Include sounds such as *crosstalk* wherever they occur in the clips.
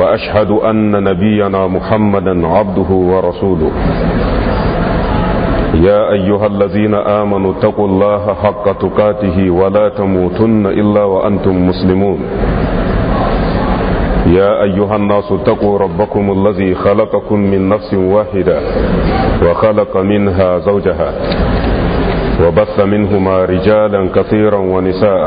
واشهد ان نبينا محمدا عبده ورسوله يا ايها الذين امنوا اتقوا الله حق تقاته ولا تموتن الا وانتم مسلمون يا أيها الناس اتقوا ربكم الذي خلقكم من نفس واحدة وخلق منها زوجها وبث منهما رجالا كثيرا ونساء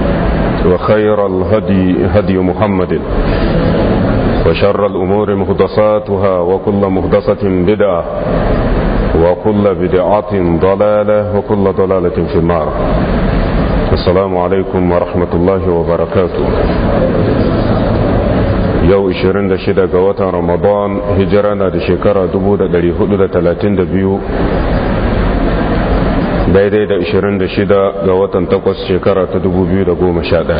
وخير الهدي هدي محمد وشر الأمور مهدساتها وكل مهدسة بدعة وكل بدعة ضلالة وكل ضلالة في النار السلام عليكم ورحمة الله وبركاته yau 26 رمضان هجرانا ramadan دبودة na da shekara 432 daidai da 26 ga watan 8 shekara ta 2011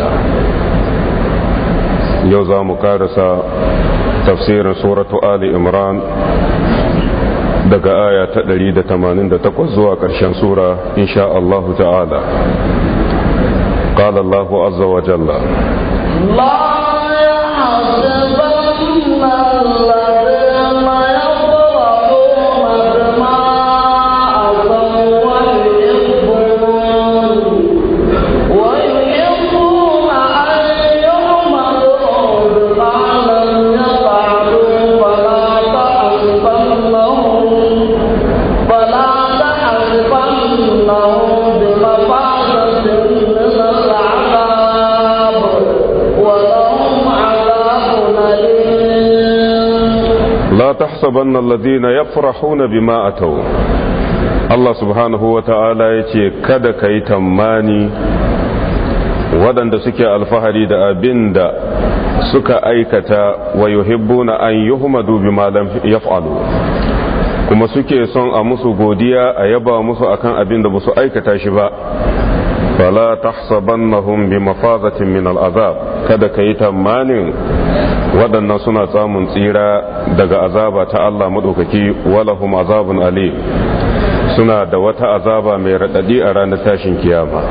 yau za mu karasa tafsirin suratu ali imran daga aya ta 188 zuwa ƙarshen sura insha allahu ta'ala قال azza wa jalla Allah تحسبن الذين يفرحون بما أتوا Allah subhanahu wa ta'ala ya ce, Kada ka yi tammani waɗanda suke alfahari da abin da suka aikata wa yuhibbuna an yuhmadu bima lam yaf'alu kuma suke son a musu godiya a yaba musu akan abin da su aikata shi ba فلا تحسبنهم بمفازة من العذاب kada ka yi tamanin waɗannan suna samun tsira daga azaba ta Allah wala walahum azabun ali suna da wata azaba mai raɗaɗi a ranar tashin kiyama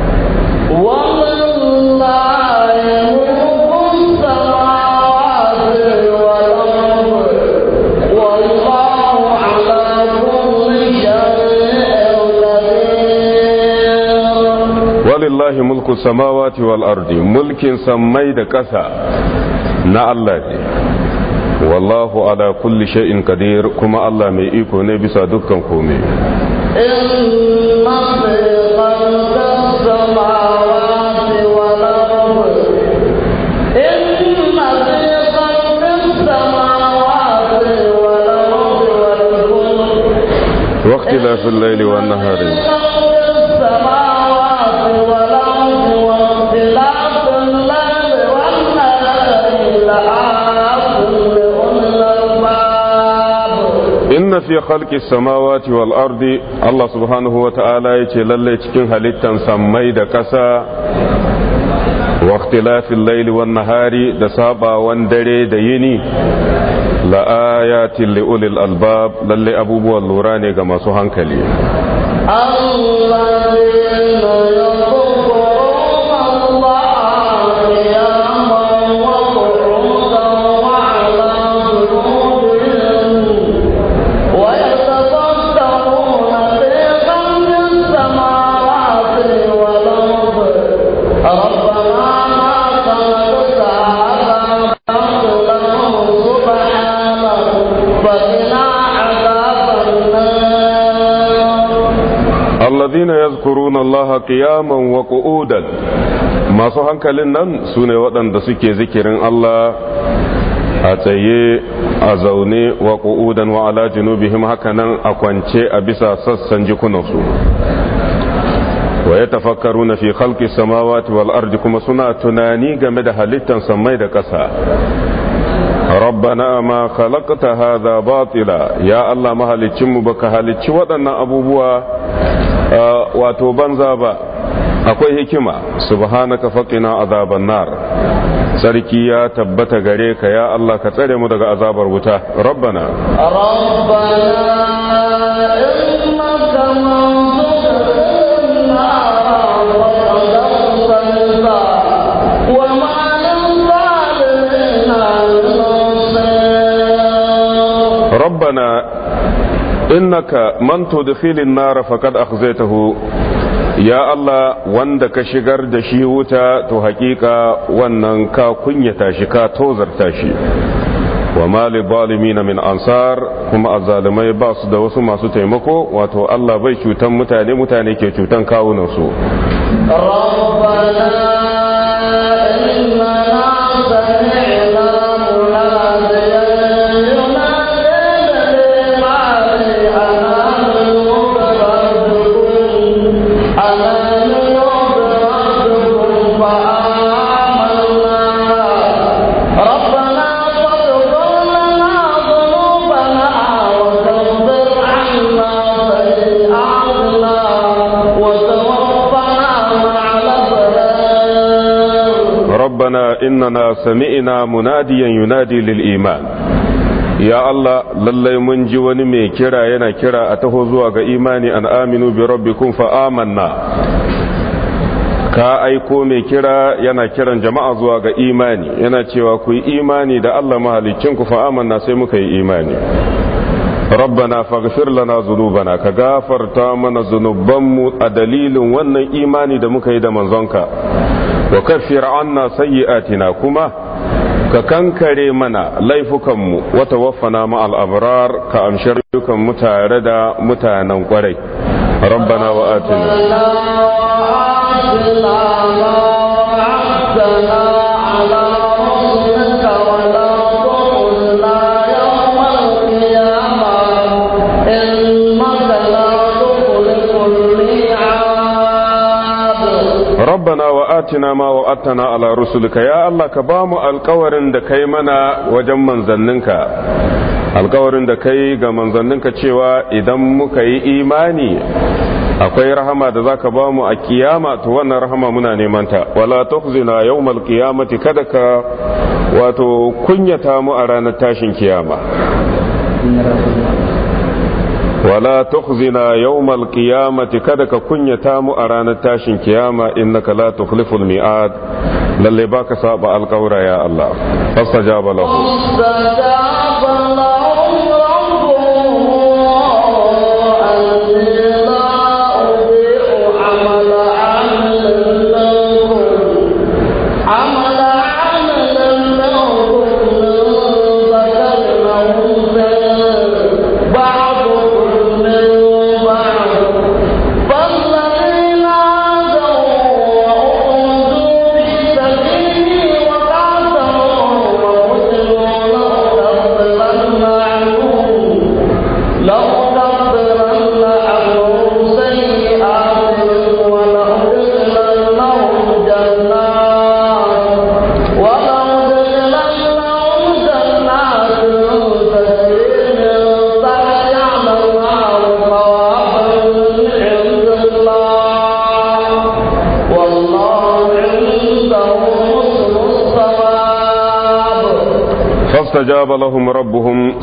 لله ملك السماوات والأرض ملك سميد قسى نا الله دي. والله على كل شيء قدير كما الله مي إيكو نبي صادقا كومي إن في الليل والنهار inna fi khalqi samawati wal ardi Allah subhanahu wa ta'ala yace lalle cikin halittan sammai da ƙasa wa ikhtilafil layli wan nahari da sabawan dare da yini la ayatin li ulil albab lalle abubuwan lura ne ga masu hankali Allah qiyaman wa qu'udan masu hankalin nan su ne waɗanda suke zikirin Allah a tsaye a zaune wa qu'udan wa ala junubihim hakanan a kwance a bisa sassan jikunansu wa ya tafakkaru na fi khalqi samawati wal ardi kuma suna tunani game da halittan samai da ƙasa rabbana ma khalaqta hadha batila ya allah mahalicin mu baka halicci waɗannan abubuwa wato banza ba akwai hikima subhanaka faqina azaban nar sarki ya tabbata gare ka ya Allah ka tsare mu daga azabar wuta rabbana ربنا إنك من تدخل النار فقد أخزيته ya Allah wanda ka shigar da shi wuta to hakika wannan ka kunya tashi ka tozar tashi. wa mali zalimina min ansar kuma azzalimai ba su da wasu masu taimako wato Allah bai cutan mutane mutane ke cutan kawunansu. إننا سمعنا مناديا ينادي للإيمان يا الله للي kira جواني مي كرا ينا كرا أتهزوا إيماني أن آمنوا بربكم فآمنا ka aiko mai kira yana kiran jama'a zuwa ga imani yana cewa ku yi imani da Allah ku fa amanna sai muka yi imani rabbana faghfir lana dhunubana ka gafarta mana mu a dalilin wannan imani da muka yi da manzonka wa kaffir anna sayyi'atina kuma ka kankare mana laifukanmu wata waffana ma'al abrar ka amshi mu tare da mutanen kwarai rabbana wa atina atina ma wa atana ala rusulika ya Allah ka ba mu alkawarin da kai mana wajen manzanninka alkawarin da kai ga manzanninka cewa idan muka yi imani akwai rahama da zaka ba mu a kiyama to wannan rahama muna neman ta wala tukhzina yawmal qiyamati kada ka wato kunyata mu a ranar tashin kiyama ولا تخزنا يوم القيامة كدك كن يتام أرانا تاشن كياما إنك لا تخلف الميعاد للي باك صاب القورة يا الله فاستجاب له فاستجاب الله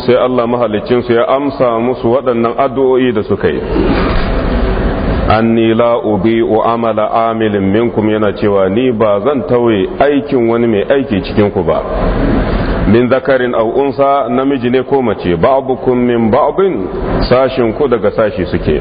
sai Allah su ya amsa musu waɗannan addu'o'i da suka yi anni la ubi wa amala amilin minkum yana cewa ni ba zan tauye aikin wani mai aiki cikinku ba min zakarin au unsa namiji ne ko mace ba'dukum min ba'din sashin ku daga sashi suke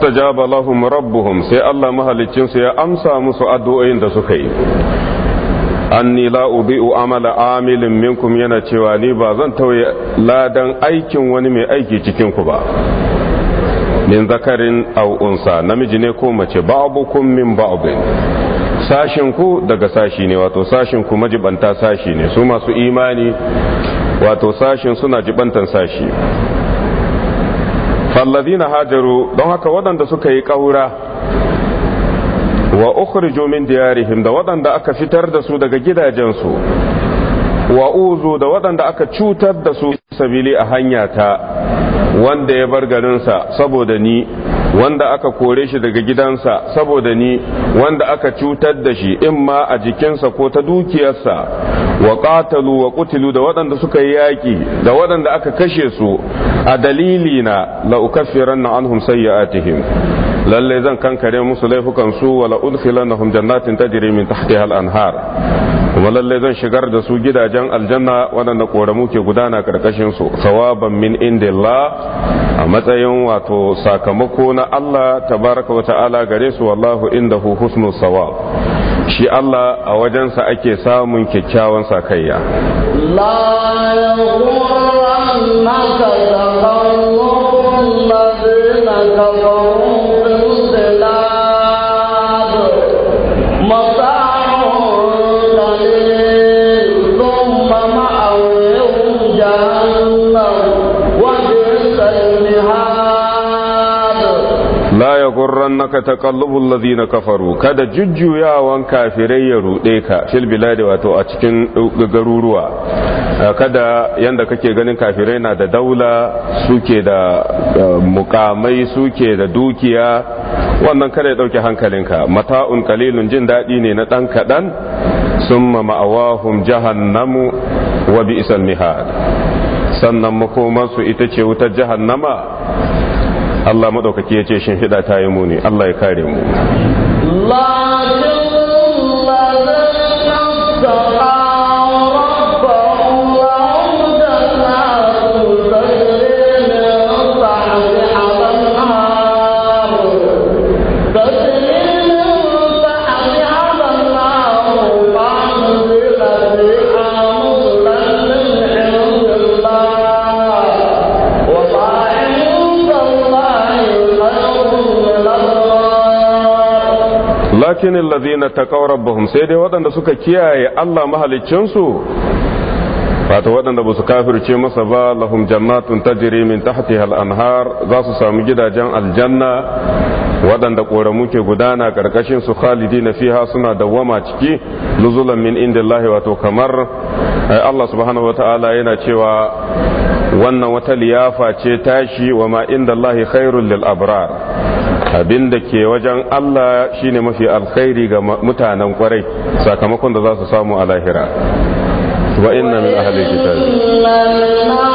fastajaba lahum rabbuhum sai Allah mahalicin su ya amsa musu addu'o'in da suka yi anni la ubi'u amala amilin minkum yana cewa ni ba zan tauye ladan aikin wani mai aiki cikin ku ba min zakarin aw unsa namiji ne ko mace ba'dukum min ba'din sashin ku daga sashi ne wato sashin ku majibanta sashi ne su masu imani wato sashin suna jibantan sashi فالذين hajaru don haka ودن suka yi ƙaura wa ukhriju min diyarihim da wadanda aka fitar da su daga gidajensu wa uzu da wadanda aka cutar da su sabili a hanya ta wanda ya bar garinsa saboda ni wanda aka kore shi daga gidansa saboda ni wanda aka cutar da shi ma a jikinsa ko ta dukiyarsa wa qatalu wa qutilu da waɗanda suka yi yaƙi da waɗanda aka kashe su a dalili na la'ukaffiran na anhum sayyi'atihim lalle zan kankare musu laifukan su wala udkhilannahum jannatin tajri min tahtiha al-anhar kuma lalle zan shigar da su gidajen aljanna waɗanda ƙoramu ke gudana karkashin su sawaban min indillah a matsayin wato sakamako na Allah tabaraka wa ta'ala gare su wallahu indahu husnul sawab shi Allah a wajensa ake samun kyakkyawan sakayya يَغْرِيَنَّكَ لَقَوْمُ الَّذِينَ كَفَرُوا annaka taqallubul ladina kafaru kada jujjuyawan kafirai ya rude ka fil biladi wato a cikin garuruwa kada yanda kake ganin kafirai na da daula suke da mukamai suke da dukiya wannan kada ya dauke hankalinka mata'un qalilun jin dadi ne na dan kadan summa ma'awahum jahannamu wa bi'sal mihad sannan makomansu ita ce wutar jahannama Allah maɗaukaki ya ce shin hida ta yi muni Allah ya kare mu walakin allazina taqaw rabbahum sai dai waɗanda suka kiyaye Allah mahaliccinsu wato waɗanda ba su kafirce masa ba lahum jannatun tajri min tahtiha al-anhar za su samu gidajen aljanna waɗanda koramu ke gudana karkashin su khalidi fiha suna dawwama ciki nuzulan min indillahi wato kamar eh, Allah subhanahu wa ta'ala yana cewa wannan wata liyafa ce tashi wa ma indallahi khairul lil abrar abin da ke wajen Allah shine mafi alkhairi ga mutanen kwarai sakamakon da za su samu a lahira wa inna min ahli kitab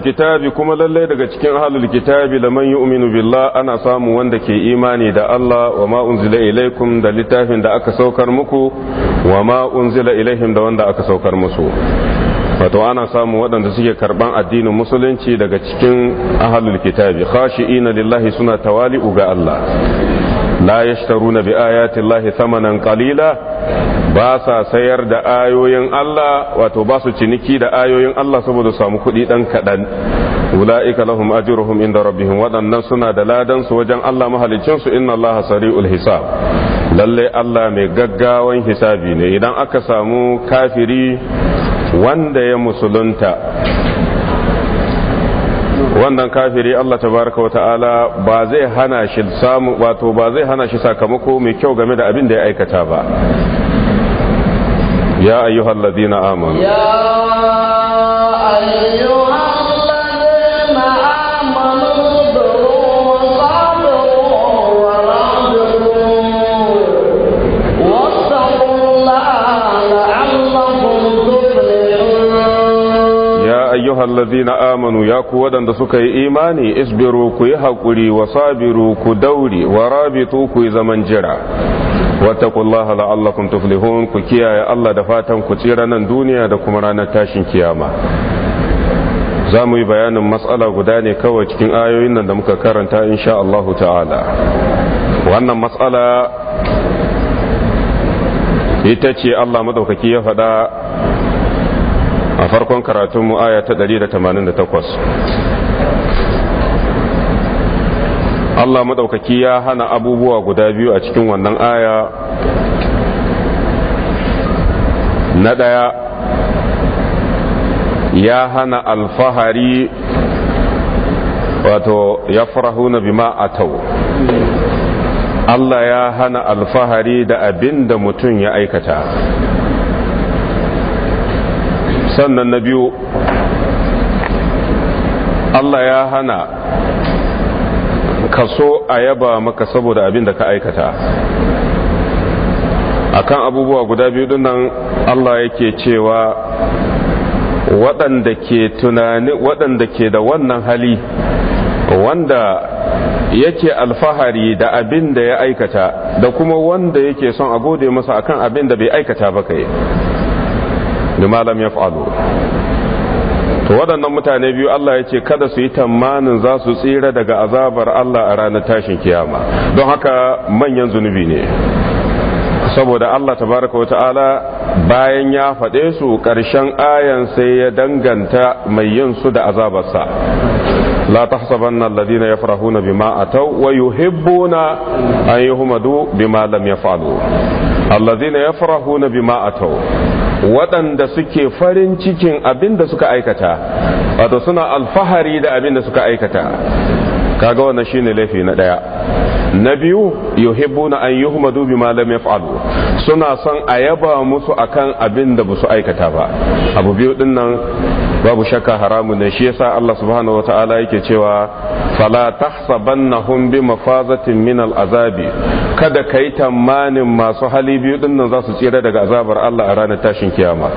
kitabi kuma lallai daga cikin ahlul kitabi laman yu'minu billah ana samu wanda ke imani da Allah wa ma unzila ilaikum da littafin da aka saukar muku wa ma unzila ilaihim da wanda aka saukar musu wato ana samu waɗanda suke karban addinin musulunci daga cikin ahlul kitabi khashi'ina lillahi suna tawali'u ga Allah la yashtaruna bi ayati llahi thamanan qalila sayar da ayoyin Allah wato ba ciniki da ayoyin Allah saboda samu kuɗi dan kaɗan ula'ika lahum ajruhum inda rabbihim waɗannan suna da ladansu wajen Allah mahalicin su inna Allah sari'ul hisab lalle Allah mai gaggawan hisabi ne idan aka samu kafiri wanda ya musulunta wannan kafiri Allah tabaraka wata'ala ba zai hana shi samu wato ba zai hana shi sakamako mai kyau game da abin da ya aikata ba ya ladina amanu ya ayyuhal ladina amanu ya ku waɗanda suka yi imani isbiru ku yi haƙuri wa sabiru ku dauri wa rabitu ku yi zaman jira wattaqullaha la'allakum tuflihun ku kiyaye Allah da fatan ku tsira nan duniya da kuma ranar tashin kiyama za mu yi bayanin matsala guda ne kawai cikin ayoyin nan da muka karanta insha Allah ta'ala wannan matsala ita ce Allah madaukaki ya faɗa a farkon karatun mu aya ta 188 Allah madaukaki ya hana abubuwa guda biyu a cikin wannan aya na ɗaya ya hana alfahari wato ya farahuna bima a ta'u Allah ya hana alfahari da abin da mutum ya aikata sannan na biyu Allah ya hana kaso a yaba maka saboda abin da ka aikata akan abubuwa guda biyu nan Allah yake cewa waɗanda ke tunani waɗanda ke da wannan hali wanda yake alfahari da abin da ya aikata da kuma wanda yake son a gode masa akan abin da bai aikata ba kai malam lam yaf'alu to waɗannan mutane biyu Allah ya ce kada su yi tamanin za su tsira daga azabar Allah a ranar tashin kiyama don haka manyan zunubi ne saboda Allah tabaraka wa ta'ala bayan ya faɗe su ƙarshen ayan sai ya danganta mai yin su da azabarsa la ya alladhina yafrahuna bima ataw wa yuhibbuna an bi malam ya faɗo. allazina yafrahuna bima atau waɗanda suke farin cikin abin da suka aikata wato suna alfahari da abin da suka aikata kaga wannan shine laifi na ɗaya na biyu na an yuhmadu bi malam yaf'alu suna son a yaba musu akan abin da basu aikata ba abu biyu din nan babu shakka haramun ne shi yasa Allah subhanahu wataala yake cewa fala tahsabannahum bi mafazatin min al'azabi kada kai tamanin masu hali biyu din nan za su tsira daga azabar Allah a ranar tashin kiyama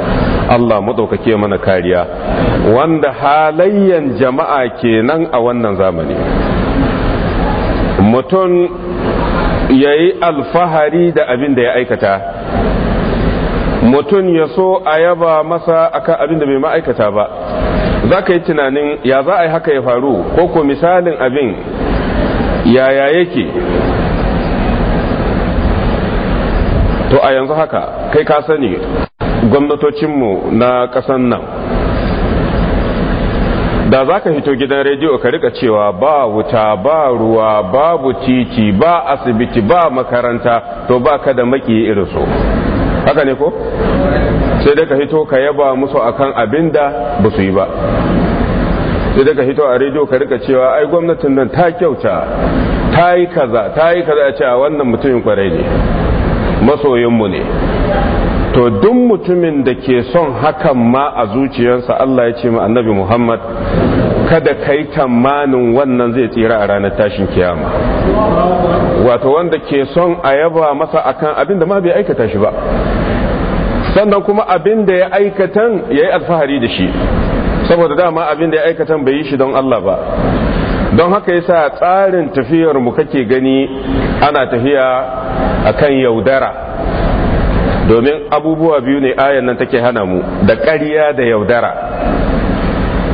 Allah mu madaukake mana kariya wanda halayyan jama'a kenan a wannan zamani mutum ya yi alfahari da abin da ya aikata mutum ya so a yaba masa akan abin da bai ma'aikata ba za ka yi tunanin ya za a yi haka ya faru ko ko misalin abin yaya yake to a yanzu haka kai ka sani gwamnatocinmu na ƙasan nan da za ka hito gidan rediyo ka rika cewa ba wuta ba ruwa babu titi ba asibiti ba makaranta to ba ka da maki irin su haka ne ko sai dai ka hito ka yaba musu akan abin da ba su yi ba sai dai ka hito a rediyo ka rika cewa ai gwamnatin nan ta kyauta ta yi kaza ta yi kaza a cewa wannan mutumin kwarai ne masoyinmu ne to duk mutumin da ke son hakan ma a zuciyarsa Allah ya ce ma annabi Muhammad kada kai tamanin wannan zai tsira a ranar tashin kiyama wato wanda ke son a yaba masa akan abin da ma bai aikata shi ba sannan kuma abin da ya aikatan ya yi alfahari da shi saboda dama abin da ya aikatan bai yi shi don Allah ba don haka yasa tsarin tafiyar mu kake gani ana tafiya akan yaudara domin abubuwa biyu ne ayan nan take hana mu da ƙarya da yaudara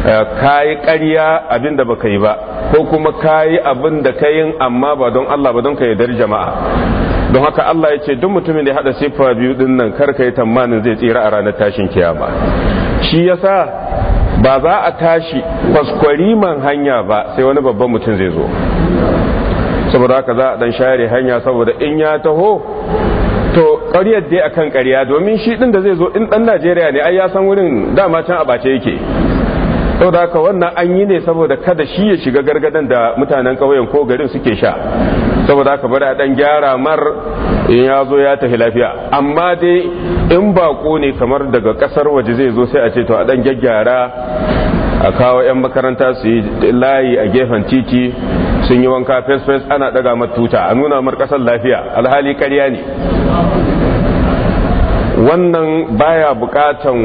eh, ka yi ƙarya abin da baka yi ba ko kuma ka yi abin da ka yin amma ba don Allah ba don ka yaudar jama'a don haka Allah ya ce duk mutumin da ya haɗa siffa biyu ɗin nan kar ka yi tamanin zai tsira a ranar tashin kiyama shi yasa ba za a tashi kwaskwariman hanya ba sai wani babban mutum zai zo saboda haka za a dan share hanya saboda in ya taho to ƙaryar dai akan ƙarya domin shi ɗin da zai zo in ɗan najeriya ne ai ya san wurin dama can a bace yake da haka wannan an yi ne saboda kada shi ya shiga gargadan da mutanen ƙauyen ko garin suke sha saboda haka bari a ɗan gyara mar in ya zo ya tafi lafiya amma dai in bako ne kamar daga ƙasar waje zai zo sai a ce to a ɗan gyaggyara a kawo 'yan makaranta su yi layi a gefen titi sun yi wanka fes fes ana daga matuta a nuna mar kasar lafiya alhali karya ne wannan baya bukatan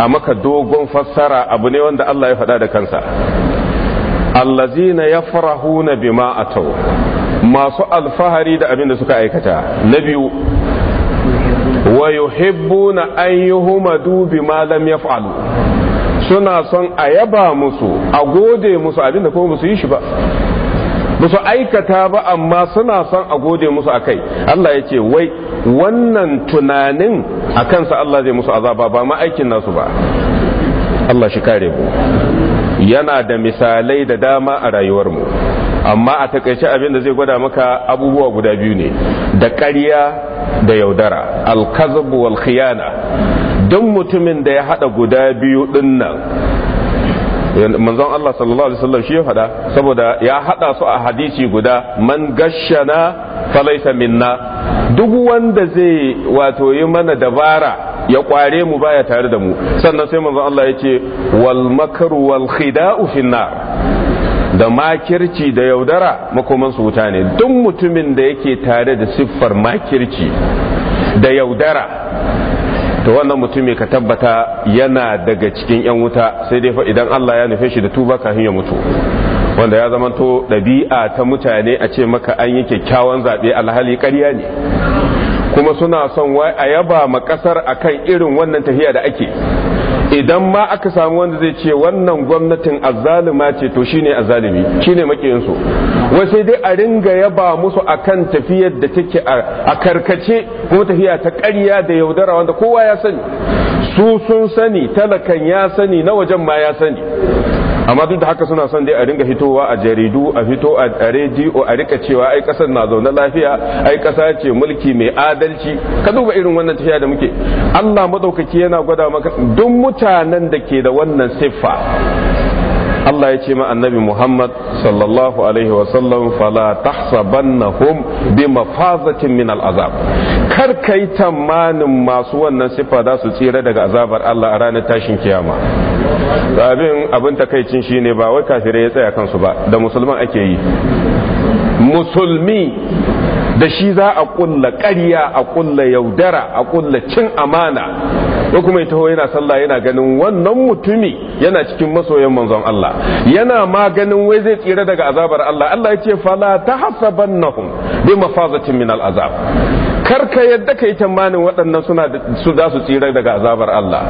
a maka dogon fassara abu ne wanda Allah ya faɗa da kansa allazina yafrahuna bima atau masu alfahari da abin da suka aikata na biyu wa yuhibbuna an yuhmadu bima lam yaf'alu suna son a yaba musu a gode musu abin da kuma musu yi shi ba ba su aikata ba amma suna son a gode musu a kai. Allah ya ce wai wannan tunanin a kansa Allah zai musu azaba ba ma aikin nasu ba Allah shi kare mu yana da misalai da dama a rayuwarmu amma a takaice abin da zai gwada maka abubuwa guda biyu ne da ƙarya da yaudara alkazab wal khiyana don mutumin da ya haɗa guda biyu dinnan manzon Allah sallallahu alaihi wasallam shi ya faɗa saboda ya haɗa su a hadisi guda man gashana falaisa minna duk wanda zai wato yi mana dabara ya kware mu baya tare da mu sannan sai manzon Allah ya ce wal makru wal khida'u finnar da makirci da yaudara makoman su wuta ne duk mutumin da yake tare da siffar makirci da yaudara to wannan mutum ka tabbata yana daga cikin 'yan wuta sai dai fa idan Allah ya nufe shi da tuba kafin ya mutu wanda ya zama to ɗabi'a ta mutane a ce maka an yi kyakkyawan zaɓe alhali ƙarya ne kuma suna son a yaba ma ƙasar akan irin wannan tafiya da ake idan ma aka samu wanda zai ce wannan gwamnatin azzalima ce to shine azzalimi shine makiyinsu wai sai dai a ringa yaba musu akan tafiyar da take a karkace kuma tafiya ta ƙarya da yaudara wanda kowa ya sani su sun sani talakan ya sani na wajen ma ya sani amma duk da haka suna son dai a ringa hitowa a jaridu a fito a rediyo a rika cewa ai kasar na zaune lafiya ai kasa ce mulki mai adalci ka duba irin wannan tafiya da muke Allah madaukaki yana gwada maka duk mutanen da ke da wannan siffa Allah ya ce ma annabi Muhammad sallallahu alaihi wa sallam fala tahsabannahum bi mafazatin min al'azab kar kai tamanin masu wannan siffa za su tsira daga azabar Allah a ranar tashin kiyama abin abin takaicin shine ba wai kafire ya tsaya kansu ba da musulman ake yi musulmi da shi za a kulla ƙarya a kulla yaudara a kulla cin amana ko kuma ya taho yana sallah yana ganin wannan mutumi yana cikin masoyan manzon Allah yana ma ganin wai zai tsira daga azabar Allah Allah ya ce fala ta tahsabannahum bi mafazatin min al'azab kar ka yadda kai tamanin waɗannan suna su da su tsira daga azabar Allah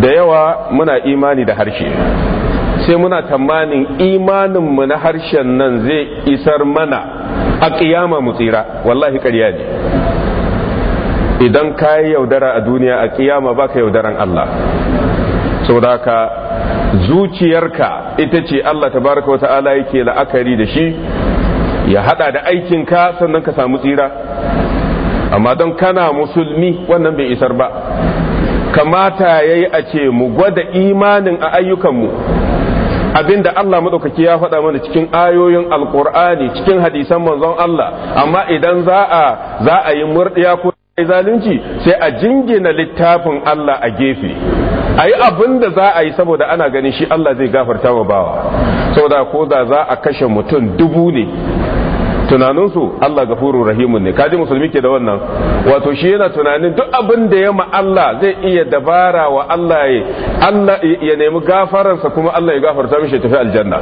da yawa muna imani da harshe sai muna tamanin imaninmu na harshen nan zai isar mana a kiyama mu tsira wallahi ƙarya ne idan ka yi yaudara a duniya a ƙiyama ba ka yaudaran Allah saboda ka zuciyarka ita ce Allah Ta baraka wata wata'ala yake la'akari da shi ya hada da aikinka sannan ka samu tsira amma don kana musulmi wannan bai isar ba kamata ya yi a ce mu gwada imanin a ayyukanmu abinda Allah maɗaukaki ya faɗa mana cikin ayoyin alkur'ani cikin hadisan manzon Allah amma idan za a za a yi murɗiya ko zalunci sai a jingina littafin Allah a gefe a yi abin za a yi saboda ana ganin shi Allah zai gafarta wa bawa saboda ko da za a kashe mutum dubu ne tunaninsu Allah gafuru rahimun ne kaji musulmi ke da wannan wato shi yana tunanin duk abin da ya ma Allah zai iya dabara wa Allah ya Allah ya nemi gafaransa kuma Allah ya gafarta mishi tafi aljanna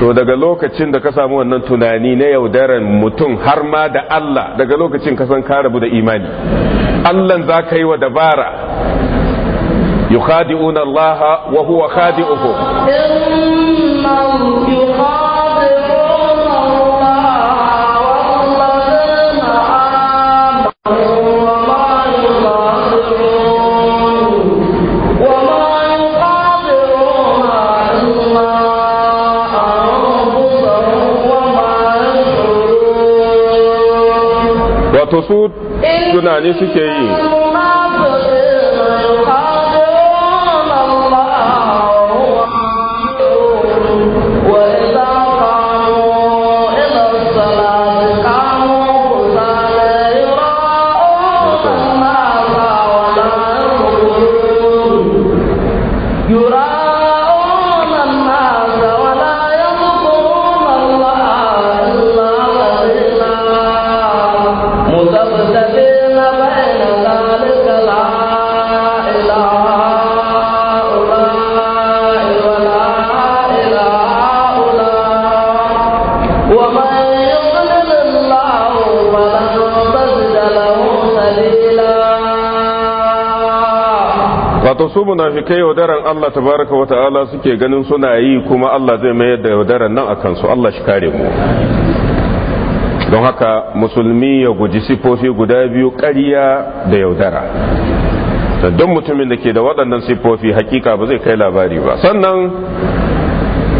to daga lokacin da ka samu wannan tunani na yaudaran mutum har ma da Allah daga lokacin ka san ka rabu da imani Allah za ka yi wa dabara yukhadi'una Allah wa huwa khadi'uhum wato su tunani suke yi wato su munafikai yaudaran Allah tabaraka wa ta'ala suke ganin suna yi kuma Allah zai mayar da yaudaran nan akan su Allah shi kare mu don haka musulmi ya guji sifofi guda biyu ƙarya da yaudara don mutumin da ke da waɗannan sifofi hakika ba zai kai labari ba sannan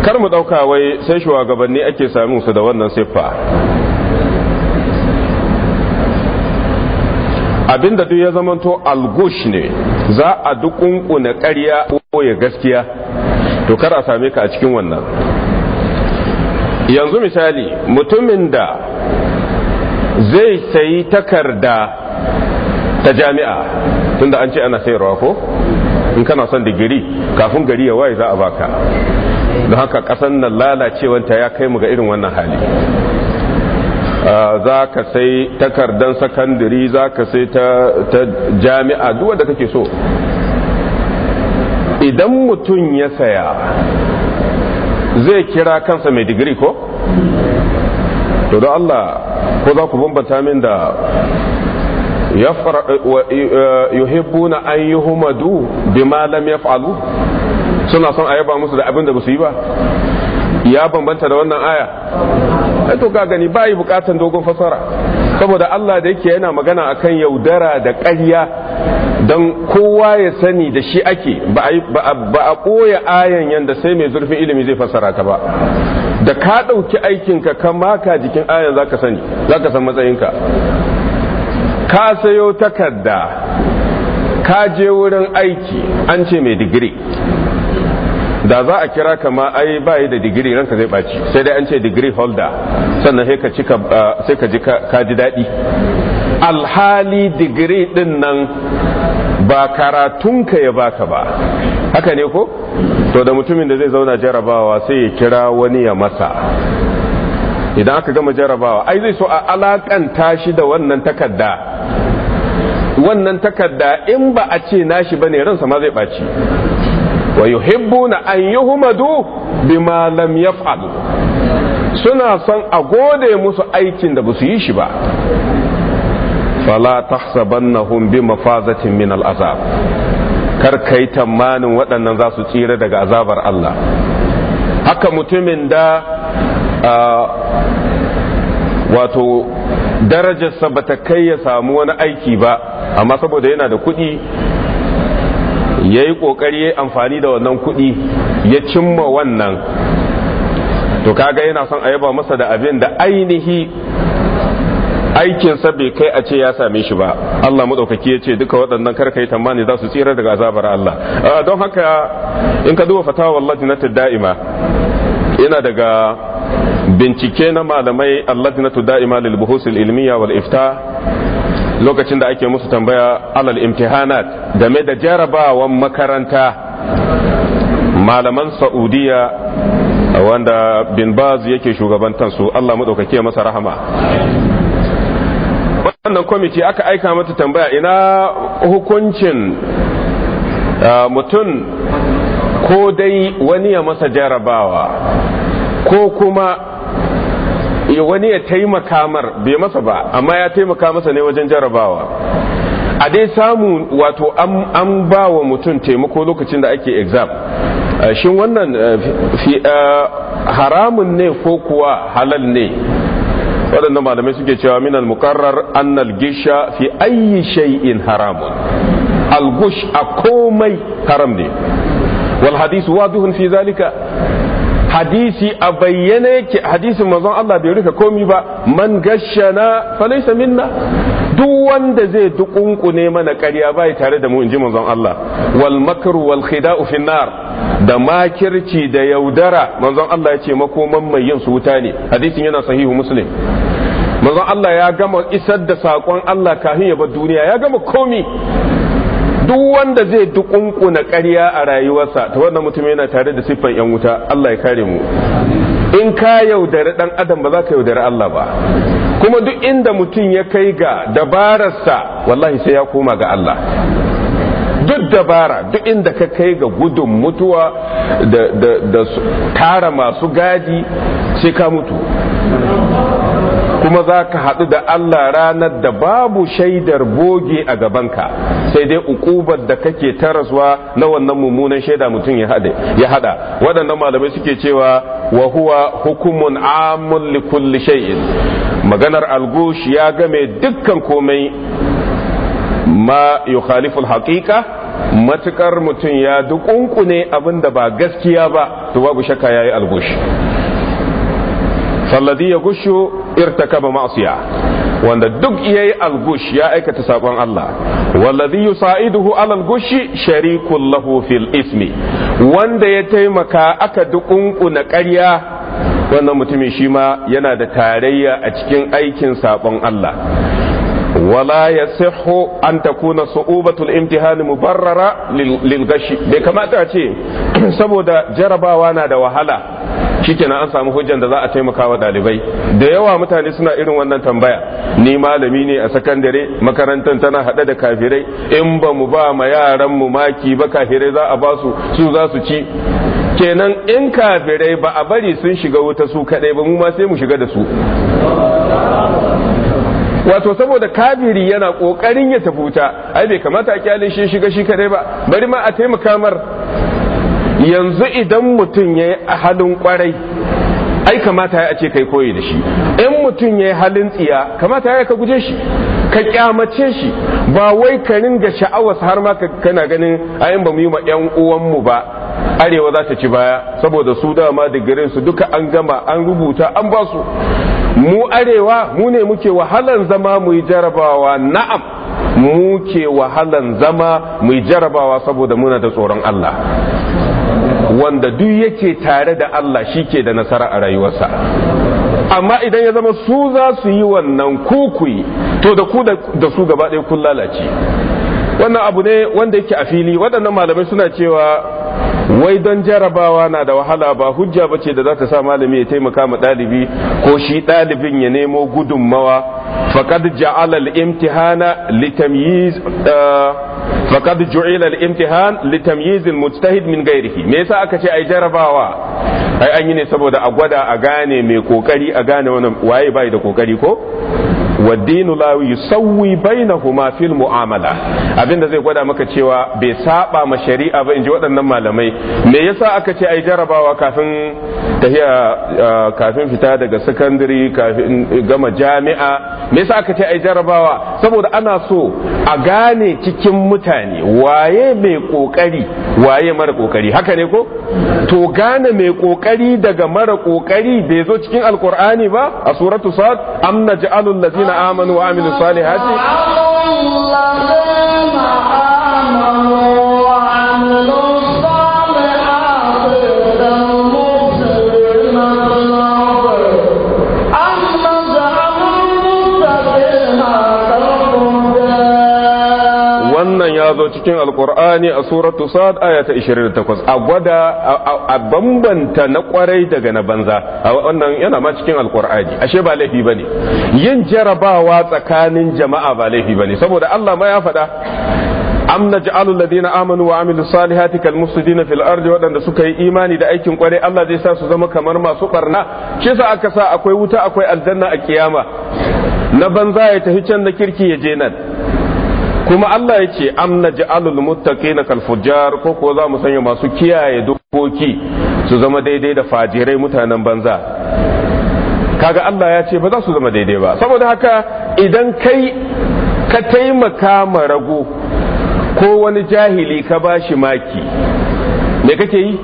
kar mu ɗauka wai sai shugabanni ake samun su da wannan siffa Abin da duk ya zamanto algush ne za a kunkuna ƙarya ko ya gaskiya to kar a same ka a cikin wannan yanzu misali mutumin da zai sayi takarda ta jami'a tunda an ce ana sayarwa ko in kana son digiri kafin gari ya waye za a baka don haka kasan nan lalacewanta ya kai mu ga irin wannan hali Ah, za ka sai takardar sakandiri za ka sai ta jami'a duk da kake so idan mutum ya saya zai kira kansa mai digiri ko? to da Allah ko za ku bambata min da e, na an yi humadu bi malam ya suna son a yaba musu da abin da ba su yi ba ya bambanta da wannan aya ai to ka gani bai bukatan dogon fasara saboda Allah da yake yana magana akan yaudara da ƙarya don kowa ya sani da shi ake ba a koya ayan yanda sai mai zurfin ilimi zai fasara ta ba da ka ɗauki aikinka ka maka jikin ayan zaka sani zaka san matsayinka ka sayo takarda ka je wurin aiki an ce mai digiri da za a kira kama ai ba yi da digiri ranka zai baci sai dai an ce digiri holder sannan sai ka ah, ji ka ji daɗi alhali digiri ɗin nan ba karatunka ya baka ba haka ne ko to da mutumin da zai zauna jarabawa sai ya kira wani ya masa idan aka gama jarabawa ai zai so a alakanta shi da wannan takarda wannan takarda in ba a ce nashi bane ransa ma zai baci wa an yuhmadu bima lam yaf'al suna son a gode musu aikin da basu yi shi ba fala tahsabannahum bimafazatin mafazatin min al'azab kar kai tamanin waɗannan za su tsira daga azabar Allah haka mutumin da wato darajarsa bata kai ya samu wani aiki ba amma saboda yana da kuɗi ya yi ƙoƙari ya amfani da wannan kuɗi ya cimma wannan to kaga yana son a yaba masa da abin da ainihi aikinsa bai kai a ce ya same shi ba Allah maɗaukaki ya ce duka waɗannan karka yi tamani za su tsira daga azabar Allah don haka in ka duba fatawa lajnatul da'ima yana daga bincike na malamai allajnatu da'ima lil buhusul ilmiya wal ifta lokacin da ake musu tambaya alal imtihanat game da jarabawan makaranta malaman Saudiyya wanda bin baz yake shugabantansu allah maɗaukake masa rahama wannan kwamiti aka aika mata tambaya ina hukuncin mutum ko dai wani ya masa jarabawa ko kuma wani ya taimaka mar bai masa ba amma ya taimaka masa ne wajen jarabawa a dai samu wato an ba wa mutum taimako lokacin da ake exam eh, shin wannan eh, eh, haramun ne ko kuwa halal ne waɗanda malamai suke cewa minan mukarrar annal gisha fi ayi shay'in haramun gush a komai haram ne wal hadisu wadihun fi zalika hadisi a bayyane yake hadisin manzon Allah bai rufe komi ba man gashana falaisa minna duk wanda zai dukunkune mana ƙarya bai tare da mu inji manzon Allah wal makru wal khida'u nar da makirci da yaudara manzon Allah ya ce makoman mai yin su wuta ne hadisin yana sahihu muslim manzon Allah ya gama isar da saƙon Allah kafin ya bar duniya ya gama komi duk wanda zai dukunkuna ƙarya a rayuwarsa ta wannan mutum yana tare da siffar yan wuta Allah ya kare mu in ka yaudari dan adam ba za ka yaudari Allah ba kuma duk inda mutum ya kai ga dabararsa wallahi sai ya koma ga Allah duk dabara duk inda ka kai ga gudun mutuwa da tara masu gaji sai ka mutu kuma za ka haɗu da Allah ranar da babu shaidar boge a gabanka sai dai ukubar da kake taraswa na wannan mummunan shaida mutum ya hada waɗannan malamai suke cewa wa huwa hukumun amun li kulli shay'in maganar algush ya game dukkan komai ma yukhalifu al-haqiqa matukar mutum ya dukunkune abin da ba gaskiya ba to babu shakka yayi algush falladi ya gushu irtakaba ma'siya wanda duk yayi algush ya aikata sabon Allah wallazi yusaiduhu alal gushi sharikul lahu fil ismi wanda ya taimaka aka dukunkuna ƙarya wannan mutumin shi ma yana da tarayya a cikin aikin sabon Allah wala ya sihu an takuna su'ubatul imtihani mubarrara lil gashi bai kamata a ce *clears throat* saboda jarabawa na da wahala shikenan an samu hujjan da za a taimaka wa dalibai da yawa mutane suna irin wannan tambaya ni malami ne a sakandare makarantar tana hade da kafirai in ba mu ba ma yaran mu maki ba kafirai za a ba su zasu ci kenan in kafirai ba a bari sun shiga wuta su kadai ba mu ma sai mu shiga da su wato saboda kabiri yana kokarin ya tafi wuta ai bai kamata a kyale shi shiga shi kadai ba bari ma a taimaka mar yanzu idan mutum ya yi a halin kwarai ai kamata ya ce kai koyi da shi in mutum ya yi halin tsiya kamata ya ka guje shi ka kyamace shi ba wai ka ringa sha'awas har ma kana ganin ayin ba mu yi ma yan uwanmu ba arewa za ta ci baya saboda su dama digirin su duka an gama an rubuta an ba su mu arewa mu ne muke wahalan zama mu yi jarabawa na'am muke wahalan zama mu yi jarabawa saboda muna da tsoron Allah wanda duk yake tare da Allah shi ke da nasara a rayuwarsa amma idan ya zama su za su yi wannan kukuyi to da ku da su gaba ɗaya kun lalace wannan abu ne wanda yake a fili waɗannan malamai suna cewa wai don jarabawa na da wahala ba hujja ba ce da za ta sa malami ya taimaka ma ɗalibi ko shi ɗalibin ya nemo gudunmawa faƙad ja'ala imtihana litamyiz eh, ju'ila al-imtihan litamyiz al-mujtahid min ghairihi me yasa aka ce ai jarabawa ai an yi ne saboda a gwada a gane mai kokari a gane wani waye bai da kokari ko wa dinu la yusawwi bainahuma fil mu'amala abinda zai gwada maka cewa bai saba ma shari'a ba inji waɗannan malamai me yasa aka ce ai jarabawa kafin tahiya kafin fita daga sakandare kafin gama jami'a me yasa aka ce ai jarabawa saboda ana so a gane cikin mutane waye mai kokari waye mara kokari haka ne ko to gane mai kokari daga mara kokari bai zo cikin alkur'ani ba a suratu sad am naj'alul ladina الذين آمنوا وعملوا الصالحات zo cikin alkur'ani a suratu sad aya ta 28 a gwada a bambanta na kwarai daga na banza a wannan yana ma cikin alkur'ani ashe ba laifi bane yin jarabawa tsakanin jama'a ba laifi bane saboda Allah ma ya faɗa am naj'alu alladhina amanu wa amilu salihati kal mufsidina fil ardi wadanda suka yi imani da aikin kwarai Allah zai sa su zama kamar masu barna shi yasa aka sa akwai wuta akwai aljanna a kiyama na banza ya tafi can na kirki ya je nan kuma Allah ya ce am naj'alul muttaqina kal fujjar ko ko za mu sanya masu kiyaye dokoki su zama daidai da fajirai mutanen banza kaga Allah ya ce ba za su zama daidai ba saboda haka idan kai ka taimaka ma rago ko wani jahili ka ba shi maki me kake yi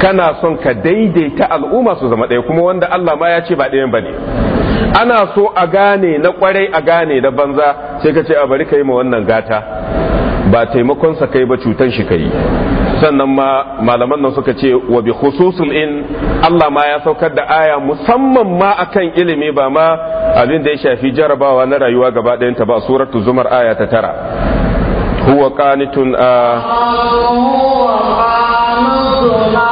kana son ka daidaita al'umma su zama ɗaya kuma wanda Allah ma ya ce ba ɗayan ne. ana so a gane na kwarai a gane da banza sai ka ce a bari ka yi ma wannan gata ba taimakonsa kai ba cutan shi ka sannan ma malaman nan suka ce wa bi khususul in Allah ma ya saukar da aya musamman ma akan ilimi ba ma abin da ya shafi jarabawa na rayuwa gaba ɗayan ta ba suratu zumar aya ta tara huwa qanitun ah, a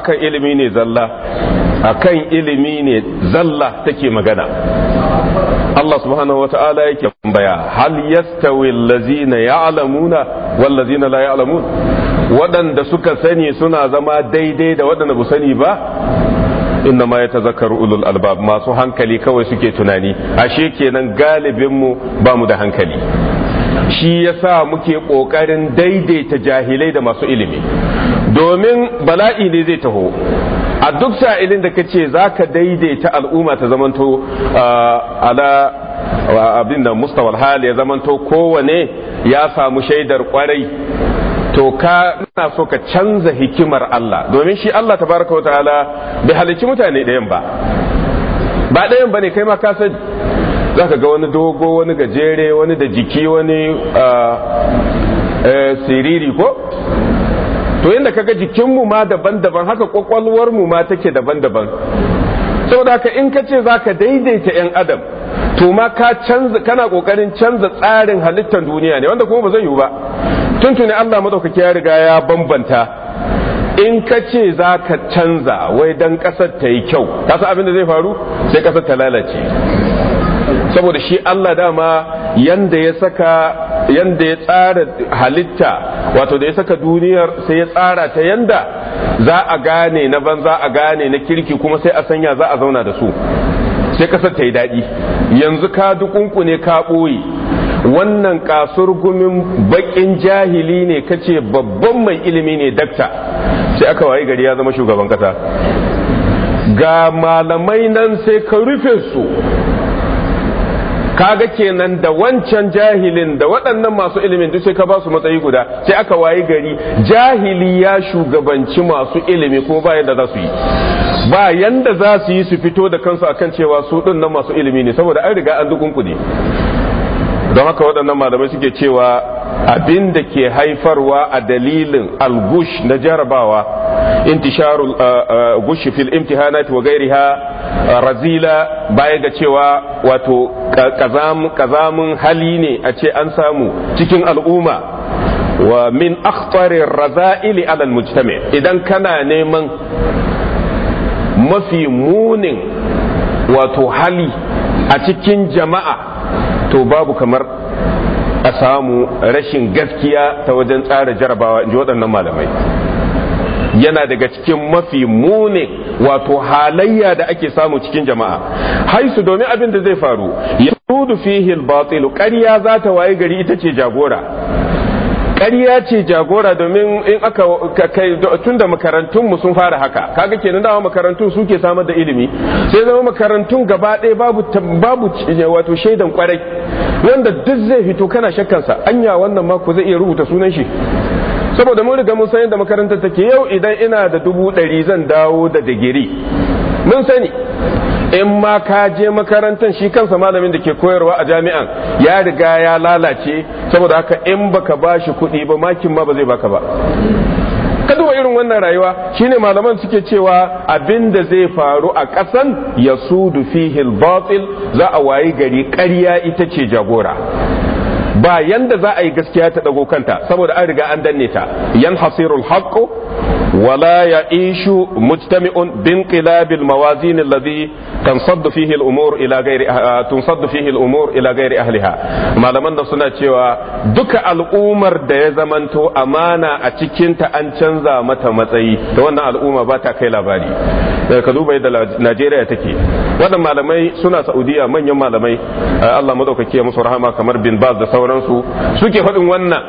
akan ilimi ne zalla akan ilimi ne zalla take magana Allah subhanahu wata'ala yake tambaya hal yastawi allazina ya'lamuna wal ladzina la ya'lamun waɗanda suka sani suna zama daidai da waɗanda bu sani ba inna ma yatazakkaru ulul albab masu hankali kawai suke tunani ashe kenan galibin mu ba mu da hankali shi yasa muke kokarin daidaita jahilai da masu ilimi domin bala'i ne zai taho a duk sa'ilin da kace ka daidaita al'umma ta zamanto ala abin da mustawar hali ya zamanto kowane ya samu shaidar kwarai to ka na so ka canza hikimar Allah domin shi Allah ta baraka wata ta'ala bai halicci mutane ɗayan ba ba ɗayan ba ne kai ma ka za ka ga wani dogo wani gajere wani da jiki wani eh, siriri ko to yadda kaga jikinmu ma daban-daban haka kwakwalwarmu ma take daban-daban saboda ka in ka ce za ka daidaita 'yan adam to ma ka canza kana kokarin canza tsarin halittar duniya ne wanda kuma ba zai yiwu ba tuntuni Allah madaukaki ya riga ya bambanta in ka ce za ka canza wai dan kasar ta yi kyau kasa abin da zai faru sai kasar ta lalace saboda shi Allah dama yanda ya saka yanda ya tsara halitta wato da ya saka duniyar sai ya tsara ta yanda za a gane na ban za a gane na kirki kuma sai a sanya za a zauna da su sai kasar ta yi daɗi yanzu ka dukunku ne ka ɓoye wannan gumin bakin jahili ne kace babban mai ilimi ne dakta sai aka wayi gari ya zama shugaban ƙasa. ga malamai nan sai ka rufe su kaga kenan da wancan jahilin da waɗannan masu ilimin duk sai ka ba su matsayi guda sai aka wayi gari jahili ya shugabanci masu ilimi ko ba yadda za su yi ba yanda za su yi su fito da kansu akan cewa su din nan masu ilimi ne saboda an riga an ne. don haka waɗannan malamai suke cewa abin da ke haifarwa a dalilin algush na jarabawa Intisharu uh, uh, gush fil imtihanat wa gairiha uh, razila baya ga cewa wato kazamun hali ne a ce an samu cikin al'umma wa min akhtarir raza'ili alal mujtami idan kana neman mafi munin wato hali a cikin jama'a to babu kamar a samu rashin gaskiya ta wajen tsara jarabawa in ji waɗannan malamai yana daga cikin mafi muni wato halayya da ake samu cikin jama'a haisu domin abin da zai faru ya tudu fihil batilu batil ƙarya za ta waye gari ita ce jagora ƙarya ce jagora domin in aka kai tun da makarantunmu sun fara haka kaga kenan dawa makarantun suke samar da ilimi sai zama makarantun gaba ɗaya babu babu eh, wato shaidan kwarai wanda duk zai fito kana shakkansa anya wannan mako zai iya rubuta sunan shi saboda mun riga mun san yadda makarantar take yau idan ina da dubu ɗari zan dawo da digiri mun sani in ma ka je makarantar shi kansa malamin da ke koyarwa a jami'an ya riga ya lalace saboda haka in baka ba shi kuɗi ba makin ma ba zai baka ba ka duba irin wannan rayuwa shine malaman suke cewa abin da zai faru a ƙasan ya sudu fihil batil za a wayi gari karya ita ce jagora ba yanda za a yi gaskiya ta dago kanta saboda an riga an danne ta yan hasirul haqqu ولا يعيش مجتمع بانقلاب الموازين الذي تنصد فيه الامور الى غير تنصد فيه الامور الى غير اهلها malaman da suna cewa duka al'ummar da ya zamanto amana a cikinta an canza mata matsayi da wannan al'umma ba ta kai labari daga ka duba yadda najeriya take wannan malamai suna saudiya manyan malamai allah madaukaki ya musu rahama kamar bin baz da sauransu suke faɗin wannan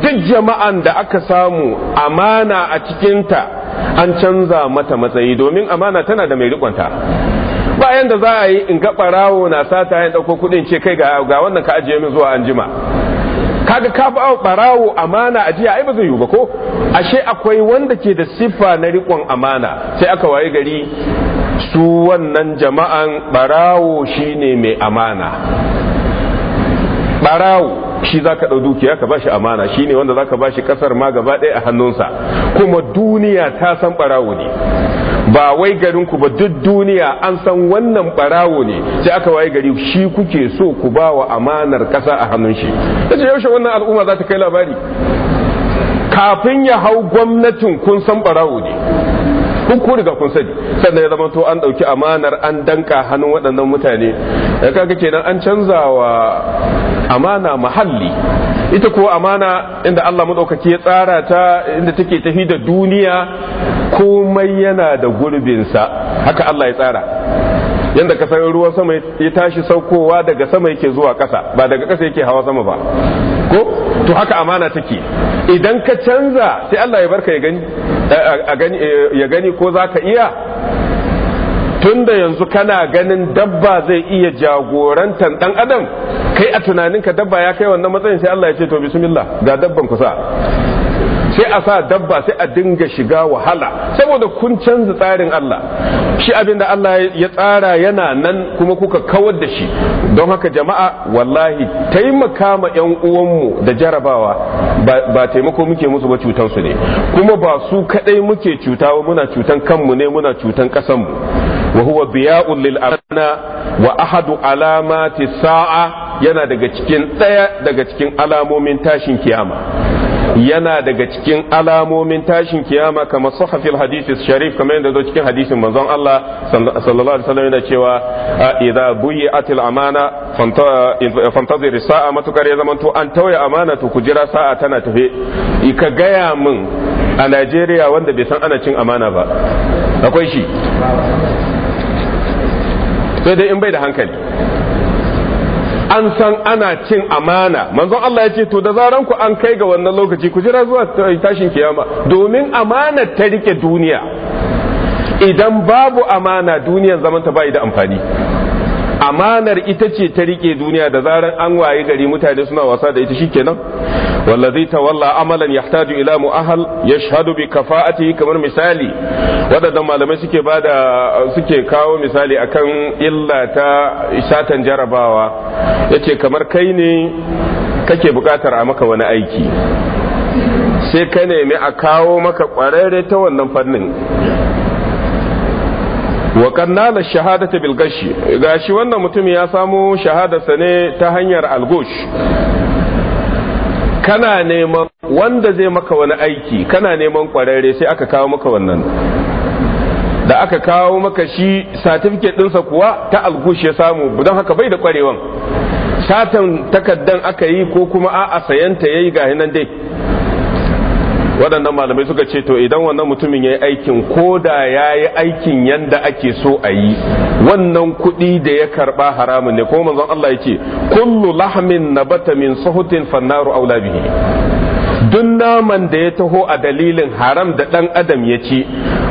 duk jama'an da aka samu amana a cikinta an canza mata matsayi domin amana tana da mai rikonta bayan da za a yi in ga ɓarawo na sata ya dauko kudin ce kai ga wannan ka ajiye min zuwa anjima kaga ka fi barawo amana a jiya ai ba zai yiwu ba ko ashe akwai wanda ke da siffa na rikon amana sai aka waye gari su wannan jama'an barawo shine mai amana barawo shi za ka ɗau dukiya ka shi amana shi ne wanda za ka bashi ƙasar ma gaba ɗaya a hannunsa kuma duniya ta san ɓarawo ne ba wai garinku ba duk duniya an san wannan ɓarawo ne sai aka waye gari shi kuke so ku ba wa amanar ƙasa a hannun shi ce yaushe wannan al'umma za ta kai labari kafin ya hau gwamnatin kun san ɓarawo ne kun ku riga kun sani sannan ya zama to an dauki amanar an danka hannun waɗannan mutane da kaga kenan an canza wa amana mahalli ita kuwa amana inda Allah madaukaki ya tsara ta inda take tafi da duniya komai yana da gurbinsa haka Allah ya tsara Yadda ka san ruwan sama ya tashi saukowa daga sama yake zuwa kasa ba daga ƙasa yake hawa sama ba ko to haka amana take idan ka canza sai Allah ya barka ya gani eh, ya gani ko za ka iya tunda yanzu kana ganin dabba zai iya jagorantar dan adam kai a tunaninka dabba ya kai wannan matsayin sai Allah ya ce to bismillah ga dabban kusa sai a sa dabba sai a dinga shiga wahala saboda kun canza tsarin Allah shi abin da Allah ya tsara yana nan kuma kuka kawar da shi don haka jama'a wallahi taimaka ma yan uwanmu da jarabawa ba taimako muke musu ba cutar su ne kuma ba su kadai muke cutawa muna cutan kanmu ne muna cutan kasan mu wa huwa biya'ul lil wa ahadu alamati sa'a yana daga cikin daya daga cikin alamomin tashin kiyama yana daga cikin alamomin tashin kiyama kamar sahafil hadisi sharif kamar yadda zo cikin hadisin manzon Allah sallallahu alaihi wasallam yana cewa idza buyi'atil amana fantazir sa'a matukar ya zamanto an tauye amana to ku jira sa'a tana tafe ka gaya min a Najeriya wanda bai san ana cin amana ba akwai shi sai dai in bai da hankali an san ana cin amana manzon Allah ya ce to da zaran ku an kai ga wannan lokaci ku jira zuwa tashin kiyama domin amana ta rike duniya idan babu amana duniyar zaman ta bai da amfani amanar ita ce ta rike duniya da zarar an waye gari mutane suna wasa da ita shikenan wallazi tawalla amalan yahtaju ila mu'ahal yashhadu bi kafa'ati kamar misali wadannan malamai suke bada suke kawo misali akan illa ta isatan jarabawa yace kamar kai ne kake bukatar a maka wani aiki sai ka nemi a kawo maka kwararre ta wannan fannin wa kannala shahadata bil gashi gashi wannan mutum ya samu shahadarsa ne ta hanyar algush kana neman wanda zai maka wani aiki kana neman kwararre sai aka kawo maka wannan da aka kawo maka shi satifiket ɗinsa kuwa ta algosh ya samu don haka bai da kwarewan satan takaddan aka yi ko kuma a'a sayanta yayi gahi nan dai waɗannan malamai suka ce to idan wannan mutumin ya yi aikin ko da ya yi aikin yanda ake so a yi wannan kuɗi da ya karɓa haramun ne ko manzon Allah ya ce kullu lahmin na batamin sahutin fannaru aula bihi duk naman da ya taho a dalilin haram da ɗan adam ya ci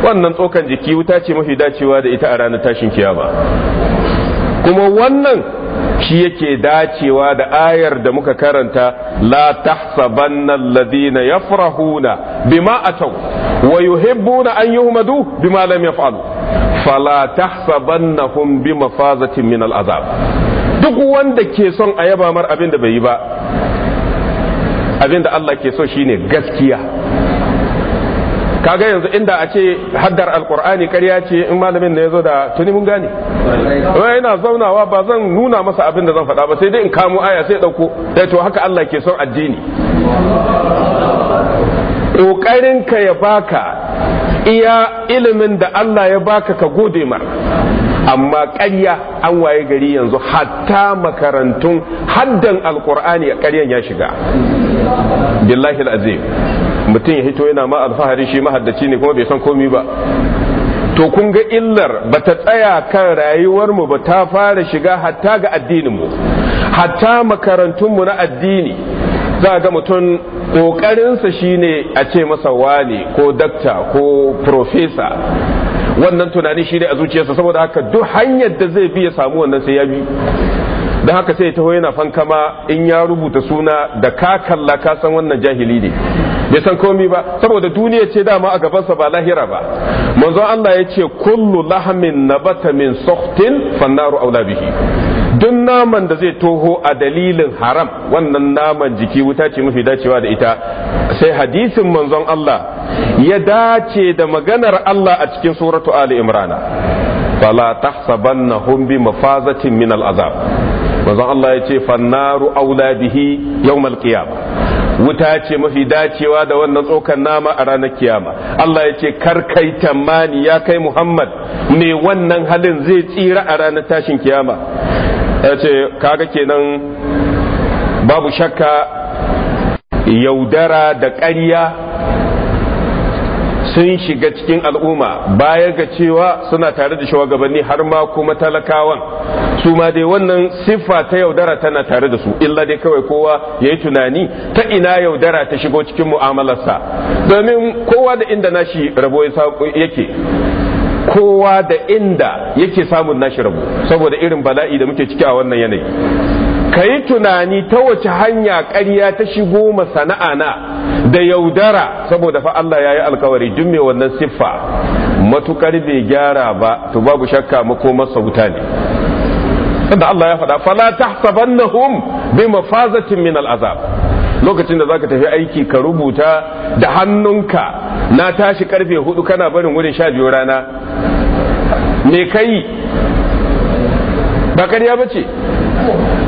wannan tsokan jiki wuta ce mafi dacewa da ita a ranar tashin kiyama kuma wannan shi yake dacewa da ayar da muka karanta la tahsabanna alladhina yafrahuna bima ataw wa yuhibbuna an yuhmadu bima lam yaf'alu fala tahsabannahum bimafazatin min al'azab duk wanda ke son a yaba mar abin da bai yi ba abin da Allah ke so shine gaskiya kaga yanzu inda a ce haddar alkur'ani karya ce in malamin na ya zo da tuni mun gane wai ina zaunawa ba zan nuna masa abin da zan faɗa ba sai dai in kamo aya sai ɗauko dai eh, to haka Allah ke son addini ƙoƙarin ka ya baka iya ilimin da Allah ya baka ka gode ma amma ƙarya an waye gari yanzu hatta makarantun haddan alkur'ani a ƙaryan ya shiga billahi al'azim mutum ya hito yana ma alfahari shi mahaddaci ne kuma bai san komi ba to kun ga illar ba ta tsaya kan rayuwarmu ba ta fara shiga hatta ga addinin addininmu hatta mu na addini za ga mutum ƙoƙarinsa shine a ce masa wani ko dakta ko profesa wannan tunani shine a zuciyarsa saboda haka duk hanyar da zai bi ya samu wannan sai ya bi da haka sai taho yana fankama in ya rubuta suna da ka kalla ka san wannan jahili ne bai san komi ba saboda duniya ce dama a gabansa ba lahira ba manzo Allah ya ce kullu lahamin nabata min sahtin fannaru aula bihi duk naman da zai toho a dalilin haram wannan naman jiki wuta ce mafi dacewa da ita sai hadisin manzon Allah ya dace da maganar Allah a cikin suratu Ali Imrana fala tahsabannahum bi mafazatin min al'azab Allah ya ce fannaru aulabihi yau yawmal wuta ce mafi dacewa da wannan tsokan nama a ranar kiyama Allah ya ce karkai tamani ya kai Muhammad me wannan halin zai tsira a ranar tashin kiyama ya ce kaga kenan babu shakka yaudara da ƙarya sun shiga cikin al'umma baya ga cewa suna tare da shugabanni har ma kuma talakawan su ma dai wannan siffa ta yaudara tana tare da su illa dai kawai kowa ya yi tunani ta ina yaudara ta shigo cikin mu'amalarsa domin kowa da inda nashi rabo yake kowa da inda yake samun nashi rabo saboda irin bala'i da muke ciki a wannan yanayi ka yi tunani ta wace hanya karya ta shigo masana'a na da yaudara saboda fa Allah ya yi alkawari duk mai wannan siffa matukar bai gyara ba to babu shakka masa wuta ne Inda Allah ya faɗa fala tahsabannahum bi mafazatin min al'azab lokacin da zaka tafi aiki ka rubuta da hannunka na tashi karfe hudu kana barin wurin sha biyu rana me kai ba ƙarya bace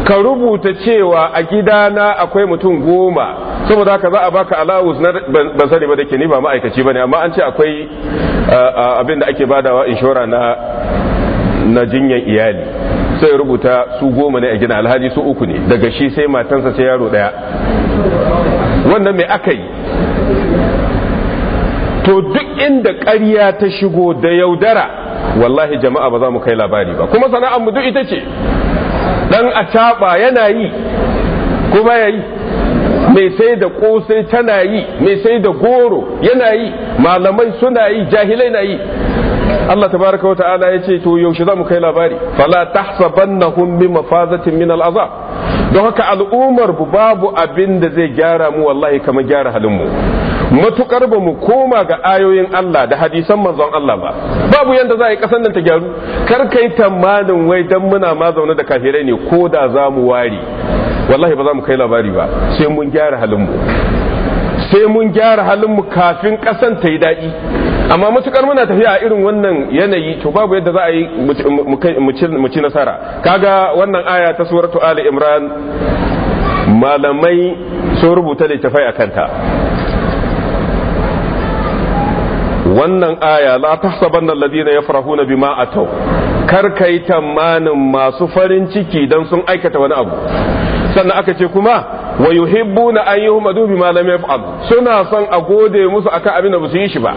ka rubuta cewa a gidana akwai mutum goma saboda haka za a baka allowance na ban sani ba da ke ni ba ma'aikaci bane amma an ce akwai abin da ake badawa inshora na na jinyar iyali sai rubuta su goma ne a gida alhaji su uku ne daga shi sai matansa sai yaro daya wannan mai aka yi to duk inda ƙarya ta shigo da yaudara wallahi jama'a ba za mu kai labari ba kuma sana'ar mu duk ita ce dan a yana yi kuma ya yi mai sai da kosai tana yi mai sai da goro yana yi malamai suna yi jahilai na yi Allah tabaraka wata'ala ya ce to yaushe za mu kai labari fala tahsabannahum bi mafazatin min al'azab don haka al'ummar babu abin da zai gyara mu wallahi kamar gyara halin mu matukar ba mu koma ga ayoyin Allah da hadisan manzon Allah ba babu yanda za a yi kasan nan ta gyaru kar kai tamanin wai dan muna ma zaune da kafirai ne ko da za mu ware wallahi ba za mu kai labari ba sai mun gyara halin mu sai mun gyara halin mu kafin kasan ta yi daɗi amma matukar muna tafiya a irin wannan yanayi to babu yadda za a yi mu ci nasara kaga wannan aya ta suratu ali imran malamai sun rubuta littafai a kanta wannan aya la tahsabanna alladhina yafrahuna bima ataw kar kai tamanin masu farin ciki dan sun aikata wani abu sannan aka ce kuma wa yuhibbuna an yuhmadu bima lam yaf'al suna son a gode musu akan abin da basu yi shi ba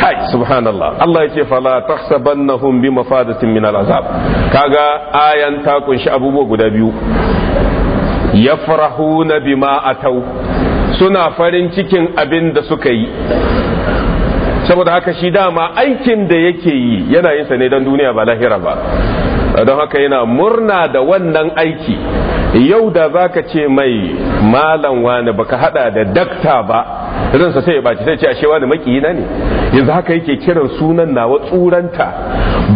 kai subhanallah Allah ya ce fala tahsabannahum bi mafadatin min al'azab kaga ayan ta kunshi abubuwa guda biyu yafrahuna bima atau suna farin cikin abin da suka yi saboda haka shi dama aikin da yake yi yana yin sa ne don duniya ba lahira ba don haka yana murna da wannan aiki yau da zaka ce mai malam wani baka hada da dakta ba ransa sai ba ce sai ce ashe wani na ne yanzu haka yake kiran sunan nawa tsuranta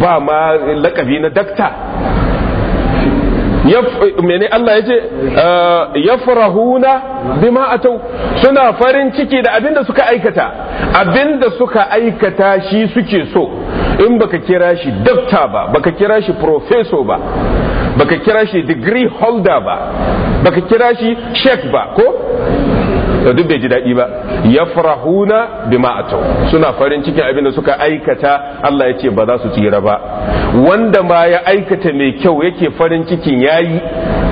ba ma lakabi na dakta mene Allah ya ce ya eh, yafrahuna bi ma'atau suna farin ciki da abinda suka aikata abinda suka aikata shi suke so in baka kira shi dokta ba baka kira shi professor ba baka kira shi degree holder ba baka kira shi sheikh ba ko to duk bai ji daɗi ba yafrahuna bima atau suna farin cikin abin da suka aikata Allah ya ce ba za su tsira ba wanda ma ya aikata mai kyau yake farin cikin yayi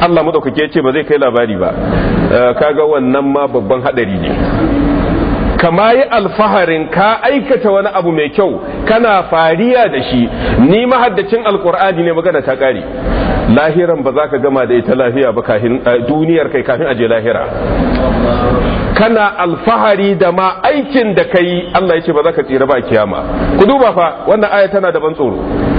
Allah madaukake ya ce ba zai kai labari ba eh, kaga wannan ma babban hadari ne kama yi alfaharin ka aikata wani abu mai kyau kana fariya da shi ni mahaddacin alkur'ani ne magana ta kare lahiran ba za ka gama da ita lafiya ba kafin duniyar kai kafin aje lahira kana alfahari da ma aikin da kai Allah ya ce ba za ka tsira ba kiyama ku duba fa wannan aya tana da tsoro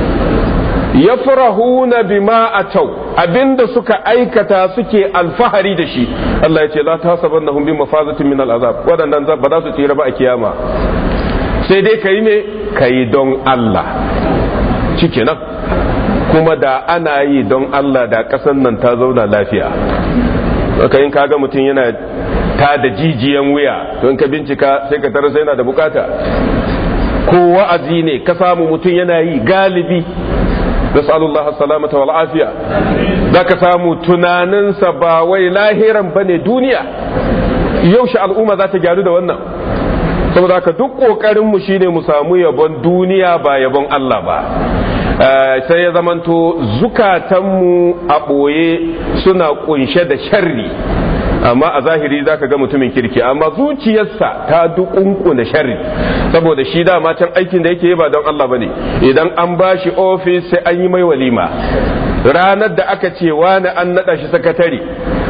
Ya yafrahuna bima atau abinda suka aikata suke alfahari da shi Allah ya ce la na hunbi mafazatin min al'azab waɗannan ba za su tsira ba a kiyama sai dai ka yi ne Ka yi don Allah nan kuma da ana yi don Allah da kasan nan ta zauna lafiya ka in kaga mutum yana ta da jijiyan wuya to in ka bincika sai ka tarar sai yana da bukata ko wa'azi ne ka samu mutum yana yi galibi nas'alullah salamata wal afiya zaka samu tunaninsa ba wai lahiran bane duniya yaushe al'umma za ta gyaru da wannan saboda haka duk kokarin mu shine mu samu yabon duniya ba yabon Allah ba eh, sai ya zamanto zukatanmu a ɓoye suna kunshe da sharri amma a zahiri zaka ga mutumin kirki amma zuciyarsa ta da sharri saboda shi dama can aikin da yake yi ba don Allah bane idan an bashi ofis sai an yi mai walima ranar da aka ce wani an naɗa shi sakatare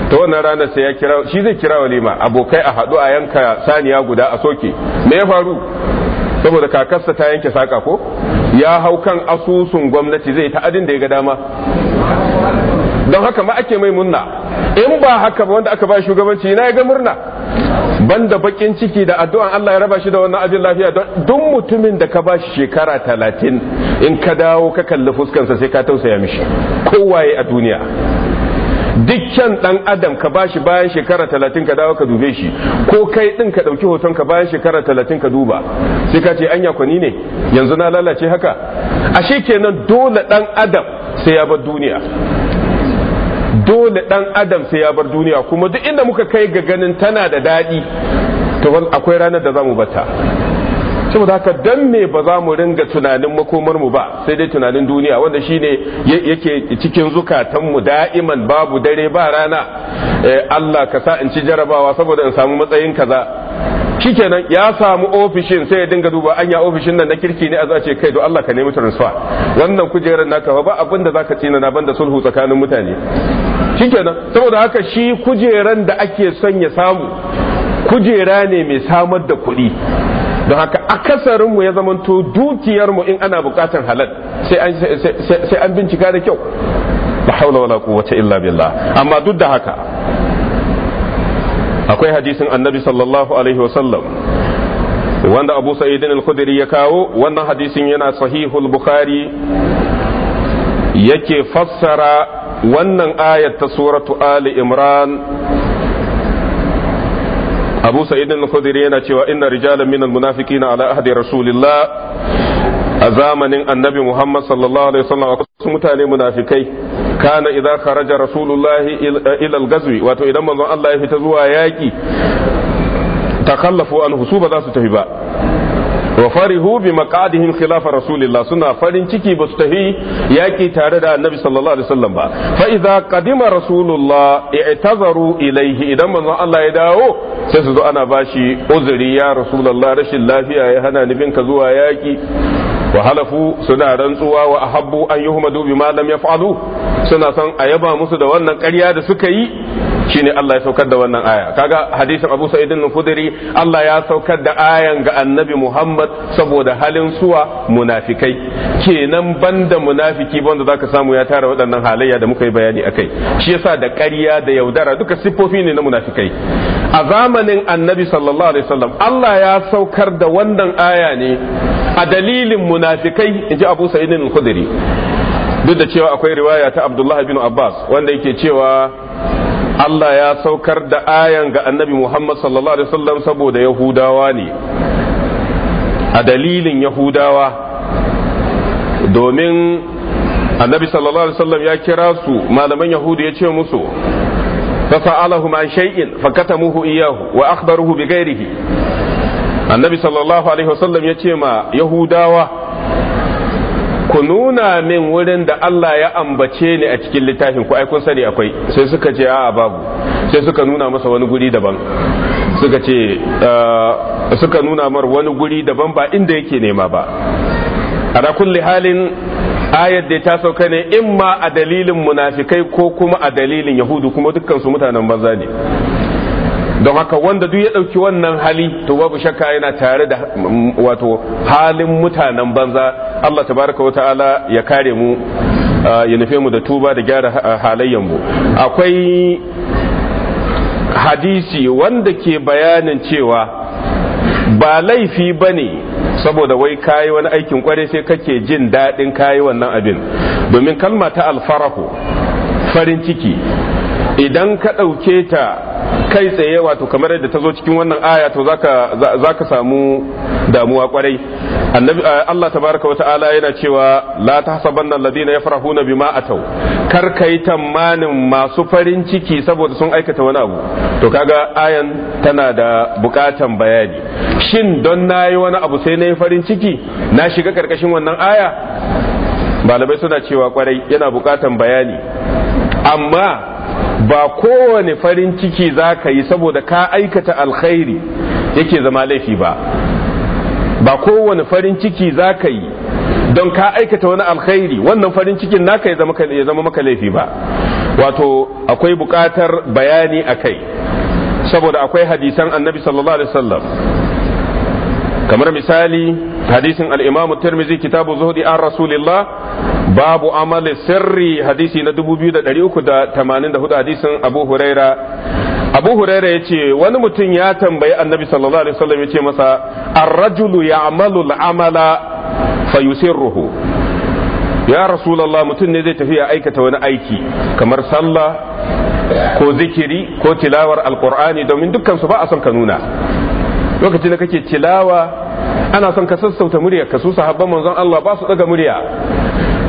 ta wannan ranar sai ya kira shi zai kira walima abokai a haɗu a yanka saniya guda a soke me ya faru saboda kakarsa ta yanke saka ko ya hau kan asusun gwamnati zai ta adin da ya ga dama don haka ma ake mai munna in ba haka ba wanda aka ba shugabanci na ya ga murna banda bakin ciki da addu'an Allah ya raba shi da wannan abin lafiya don duk mutumin da ka ba shi shekara talatin in ka dawo ka kalli fuskansa sai ka tausaya mishi kowaye a duniya dukkan dan adam ka ba shi bayan shekara talatin ka dawo ka dube shi ko kai din ka dauki hoton ka bayan shekara talatin ka duba sai ka ce anya kwani ne yanzu na lalace haka ashe kenan dole dan adam sai ya bar duniya dole dan adam sai ya bar duniya kuma duk inda muka kai ga ganin tana da dadi to akwai ranar da zamu bata saboda haka dan me ba za mu ringa tunanin makomar mu ba sai dai tunanin duniya wanda shine yake cikin zukatan mu da'iman babu dare ba rana eh, Allah ka sa in ci jarabawa saboda in samu matsayin kaza shikenan ya samu ofishin sai ya dinga duba anya ofishin nan na kirki ne a za ce kai to Allah ka nemi transfer wannan kujerar naka ba abin da zaka tsina na banda sulhu tsakanin mutane shikenan saboda haka shi kujeran da ake son ya samu kujera ne mai samar da kuɗi don haka mu ya zamanto dukiyarmu in ana bukatar halal sai an bincika da kyau la haula wala quwwata illa billah amma duk da haka akwai hadisin annabi sallallahu alaihi wasallam wanda abu sa'idin al-khudri ya kawo wannan hadisin yana sahihul bukhari yake fassara wannan ayat ta suratu ali imran abu sa'idin al-khudri yana cewa inna rijalan minal munafiqina ala ahdi rasulillah a zamanin annabi muhammad sallallahu alaihi wasallam akwai mutane munafikai kana idza kharaja rasulullahi eh, ila al-ghazwi wato idan manzon Allah ya fita zuwa yaki takallafu anhu su ba za su tafi ba wa hubi bi maqadihim khilafa rasulillah suna farin ciki ba su tafi yaƙi tare da annabi sallallahu alaihi wasallam ba fa idza qadima rasulullah i'tazaru ilayhi idan manzon Allah ya dawo sai su zo ana bashi uzuri ya rasulullah rashin lafiya ya hana ni binka zuwa yaƙi. wa halafu suna rantsuwa wa ahabbu an yuhmadu malam ya yaf'alu suna son a yaba musu da wannan ƙarya da suka yi shine Allah ya saukar da wannan aya kaga hadisin Abu Sa'id al-Khudri Allah ya saukar da ayan ga Annabi Muhammad saboda halin suwa munafikai kenan banda munafiki banda zaka samu ya tara waɗannan halayya da muka yi bayani akai shi yasa da ƙarya da yaudara duka siffofi ne na munafikai a zamanin Annabi sallallahu alaihi wasallam Allah ya saukar da wannan aya ne a dalilin munafikai inji Abu Sa'id al-Khudri duk da cewa akwai riwaya ta Abdullah bin Abbas wanda yake cewa Allah ya saukar da ayan ga annabi Muhammad sallallahu alaihi wasallam saboda Yahudawa ne a dalilin Yahudawa domin annabi sallallahu alaihi wasallam ya kira su malaman Yahudu ya ce musu فسألهم عن شيء فكتموه إياه وأخبروه بغيره النبي صلى الله عليه وسلم يتيما يهوداوة ku nuna min wurin da Allah ya ambace ni a cikin littafin ku ai kun sani akwai sai suka ce a babu sai suka nuna masa wani guri daban suka ce ah, suka nuna mar wani guri daban ba inda yake nema ba ala kulli halin ayar da ta sauka ne imma a dalilin munafikai ko kuma a dalilin yahudu kuma dukkan su mutanen banza ne don haka wanda duk ya ɗauki wannan hali to babu shakka yana tare da mm, wato halin mutanen banza Allah tabaraka wa ta'ala ya kare mu ya nufe mu da tuba da gyara halayyan mu akwai hadisi wanda ke bayanin cewa ba laifi ba ne saboda wai kayi wani aikin kware sai kake jin daɗin kayi wannan abin domin kalma ta alfarahu farin ciki idan ka ɗauke ta kai tsaye wato kamar yadda ta zo cikin wannan aya to zaka ka samu damuwa kwarai annabi eh, Allah tabaraka wata'ala yana cewa la tahsabanna alladhina yafrahuna bima ataw kar kai tamanin masu farin ciki saboda sun aikata wani abu to kaga ayan tana da bukatan bayani shin don nayi wani abu sai nayi farin ciki na shiga karkashin wannan aya malamai suna cewa kwarai yana bukatan bayani amma ba kowane farin ciki za ka yi saboda ka aikata alkhairi yake zama laifi ba ba kowane farin ciki za ka yi don ka aikata wani alkhairi wannan farin cikin naka ya zama maka laifi ba wato akwai bukatar bayani a kai saboda akwai hadisan annabi sallallahu alaihi wasallam kamar misali hadisin al-imamu tirmizi kitabu zuhdi an rasulillah babu amali sirri hadisi na 2384 hadisin abu huraira abu huraira ya wani mutum ya tambayi annabi sallallahu alaihi wasallam ya ce masa ar-rajulu ya'malu al-amala fayusirruhu ya rasulallah mutum ne zai tafi ya aikata wani aiki kamar sallah ko zikiri ko tilawar alkur'ani domin dukansu su ba a son ka nuna lokacin da kake tilawa ana son ka sassauta murya ka su sahabban manzon Allah ba su daga murya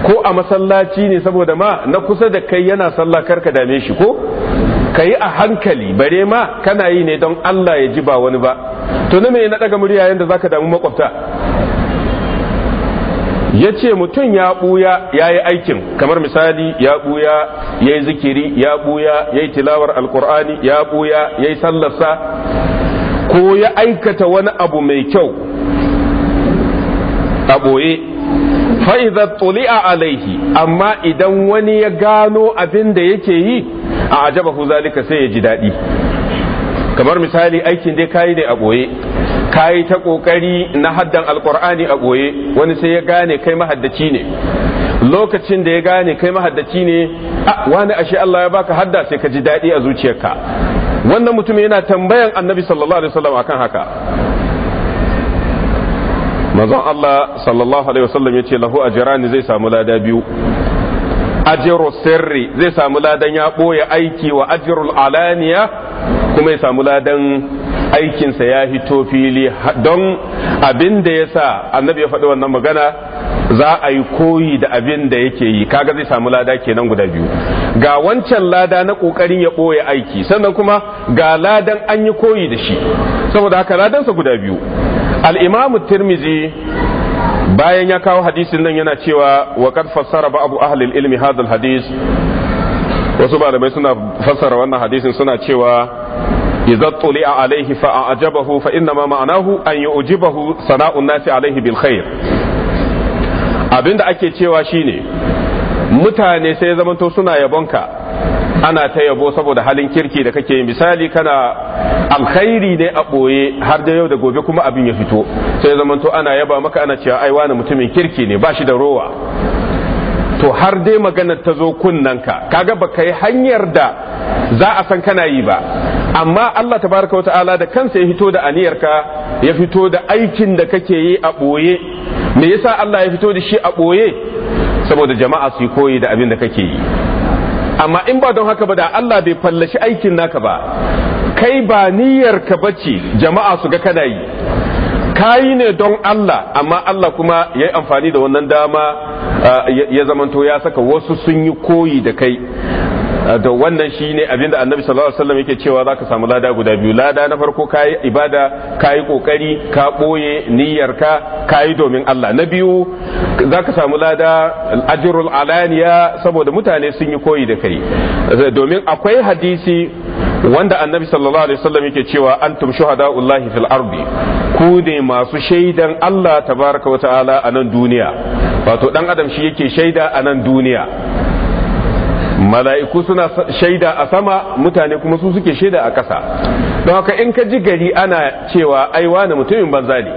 ko a masallaci ne saboda ma na kusa da kai yana sallah kar ka dame shi ko ka a hankali bare ma kana yi ne don Allah ya ji ba wani ba to na me na daga murya yanda zaka damu makwabta ya ce mutum ya buya ya yi aikin kamar misali ya buya ya yi zikiri ya buya ya yi tilawar alkur'ani ya buya ya yi sallarsa ko ya aikata wani abu mai kyau a ɓoye fa'iza tuli'a alaihi amma idan wani ya gano abin da yake yi a ajaba ku zalika sai ya ji daɗi kamar misali aikin dai kayi ne a ɓoye kayi ta ƙoƙari na haddan alƙur'ani a ɓoye wani sai ya gane kai mahaddaci ne lokacin da ya gane kai mahaddaci ne a wani ashe Allah ya baka hadda sai ka ji daɗi a zuciyarka wannan mutum yana tambayan annabi sallallahu alaihi wasallam akan haka manzon Allah sallallahu alaihi wasallam ya ce lahu ajrani zai samu lada biyu ajru sirri zai samu ladan ya ɓoye aiki wa ajirul alaniya kuma ya samu ladan aikinsa ya hito fili don abin da ya sa annabi ya faɗi wannan magana za a yi koyi da abin da yake yi kaga zai samu lada kenan guda biyu ga wancan lada na ƙoƙarin ya ɓoye aiki sannan kuma ga ladan an yi koyi da shi saboda haka ladansa guda biyu al'imamu tirmizi bayan ya kawo hadisin nan yana cewa wa kad fassara ba abu ahlil ilmi hadal hadis wasu malamai suna fassara wannan hadisin suna cewa idza tuli'a alaihi fa ajabahu fa inna ma ma'anahu an yu'jibahu sana'un nasi alaihi bil khair abinda ake cewa shine mutane sai zamanto suna yabonka ana ta yabo saboda halin kirki da kake misali kana alkhairi ne a ɓoye har da yau da gobe kuma abin ya fito sai zamanto ana yaba maka ana cewa ai wani mutumin kirki ne ba shi da rowa to har dai maganar ta zo ka kaga ba ka yi hanyar da za a san kana yi ba amma Allah tabaraka wa ta'ala da kansa ya fito da aniyarka ya fito da aikin da kake yi a ɓoye me yasa Allah ya fito da shi a ɓoye saboda jama'a su yi koyi da abin da kake yi amma in ba don haka ba da Allah bai fallashi aikin naka ba kai ba niyyar ka bace jama'a su ga kana yi kayi ne don Allah amma Allah kuma ya yi amfani da wannan dama ya zamanto ya saka wasu sun yi koyi da kai Eh, to wannan shi ne abinda annabi sallallahu alaihi wasallam yake cewa zaka samu lada guda biyu lada na farko kayi ibada kayi kokari ka boye niyyarka kayi domin Allah na biyu zaka samu lada ajrul alaniya saboda mutane sun yi koyi da kai eh, domin akwai hadisi wanda annabi sallallahu alaihi wasallam yake cewa antum shuhada'ullahi fil ardi ku ne masu shaidan Allah tabaraka wa ta'ala a nan duniya wato dan adam shi yake shaida a nan duniya mala'iku suna shaida a sama mutane kuma su suke shaida a ƙasa don haka in ka ji gari ana cewa aiwa na mutumin banza ne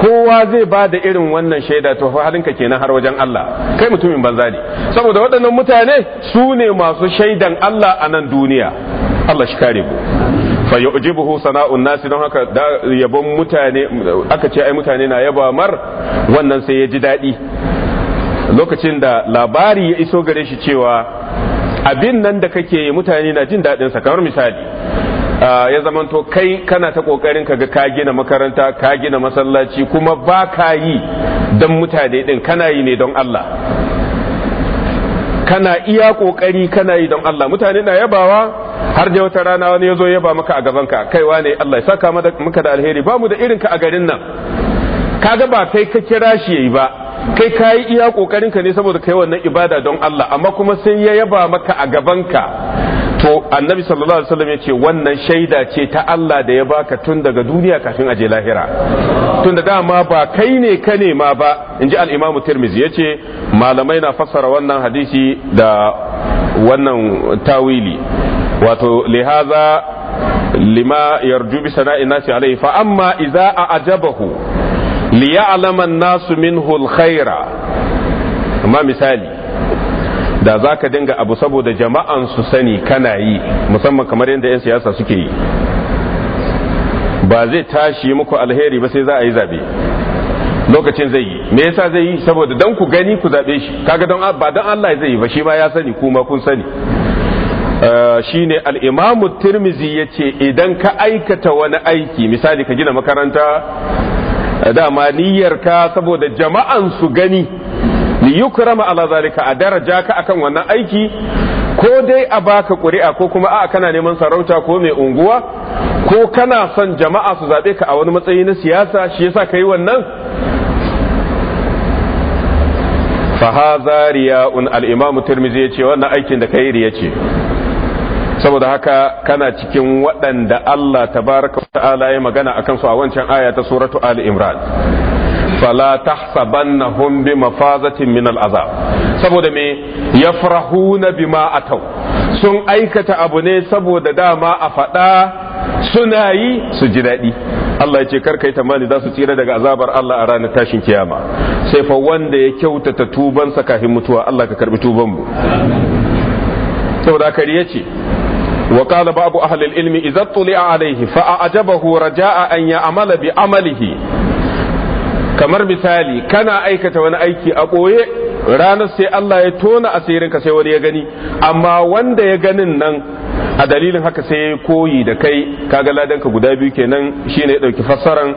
kowa zai ba da irin wannan shaida to halinka kenan har wajen Allah kai mutumin banza ne saboda waɗannan mutane su ne masu shaidan Allah a nan duniya Allah shi kare mu fa yu'jibuhu sana'un nasi don haka yabon mutane aka ce ai mutane na yaba mar wannan sai ya ji daɗi lokacin da labari ya iso gare shi cewa abin nan da kake mutane na jin daɗin sa kamar misali ya zamanto kai kana ta ƙoƙarin ka ga ka gina makaranta ka gina masallaci kuma ba ka yi don mutane ɗin kana yi ne don Allah kana iya ƙoƙari kana yi don Allah mutane na yabawa har da wata rana wani ya zo yaba maka a gaban ka kaiwa ne Allah ya saka maka da alheri ba mu da irin ka a garin nan kaga ba kai ka kira shi yayi ba kai ka yi iya ka ne saboda kai wannan ibada don Allah amma kuma sai ya yaba maka a gabanka to annabi sallallahu alaihi wasallam ya ce wannan shaida ce ta Allah da ya baka tun daga duniya kafin aje lahira tun da dama ba kai ne ka nema ba inji al imam Tirmidhi ya ce malamai na fassara wannan hadisi da wannan tawili wato lihaza lima yarju bi sana'in nasi alaihi fa amma idza a'jabahu li ya'lama an-nasu minhu al-khaira amma misali da za dinga abu saboda jama'an su sani kana yi musamman kamar yadda 'yan siyasa suke yi ba zai tashi muku alheri ba sai za a yi zabe lokacin zai yi me yasa zai yi saboda dan ku gani ku zabe shi kaga don ba don Allah zai yi ba shi ma ya sani kuma kun sani shine al-Imam Tirmizi ce idan ka aikata wani aiki misali ka gina makaranta dama ka saboda jama'an su gani li yukrama ala zalika a daraja ka akan wannan aiki ko dai a baka ƙuri'a ko kuma a kana neman sarauta ko mai unguwa ko kana son jama'a su zaɓe ka a wani matsayi na siyasa shi yasa ka yi wannan fahaza riya'un al imam tirmidhi yace wannan aikin da kai riya ce saboda haka kana cikin waɗanda Allah tabaraka wa ta'ala ya magana a kansu a wancan aya ta suratu Ali Imran fala tahsabannahum bi mafazatin min al'azab saboda me ya na ma a atau sun aikata abu ne saboda dama a faɗa suna yi su ji daɗi Allah ya ce kar yi tamani za su tsira daga azabar Allah a ranar tashin kiyama sai fa wanda ya kyautata tubansa kafin mutuwa Allah ka karbi tuban mu saboda ya ce وقال بعض أهل العلم إذا اطلع عليه فأعجبه رجاء أن يعمل بعمله kamar misali kana aikata wani aiki a ɓoye ranar sai Allah ya tona asirinka sai wani ya gani amma wanda ya ganin nan a dalilin haka sai ya koyi da kai kaga ladanka guda biyu kenan shine ya dauki fassaran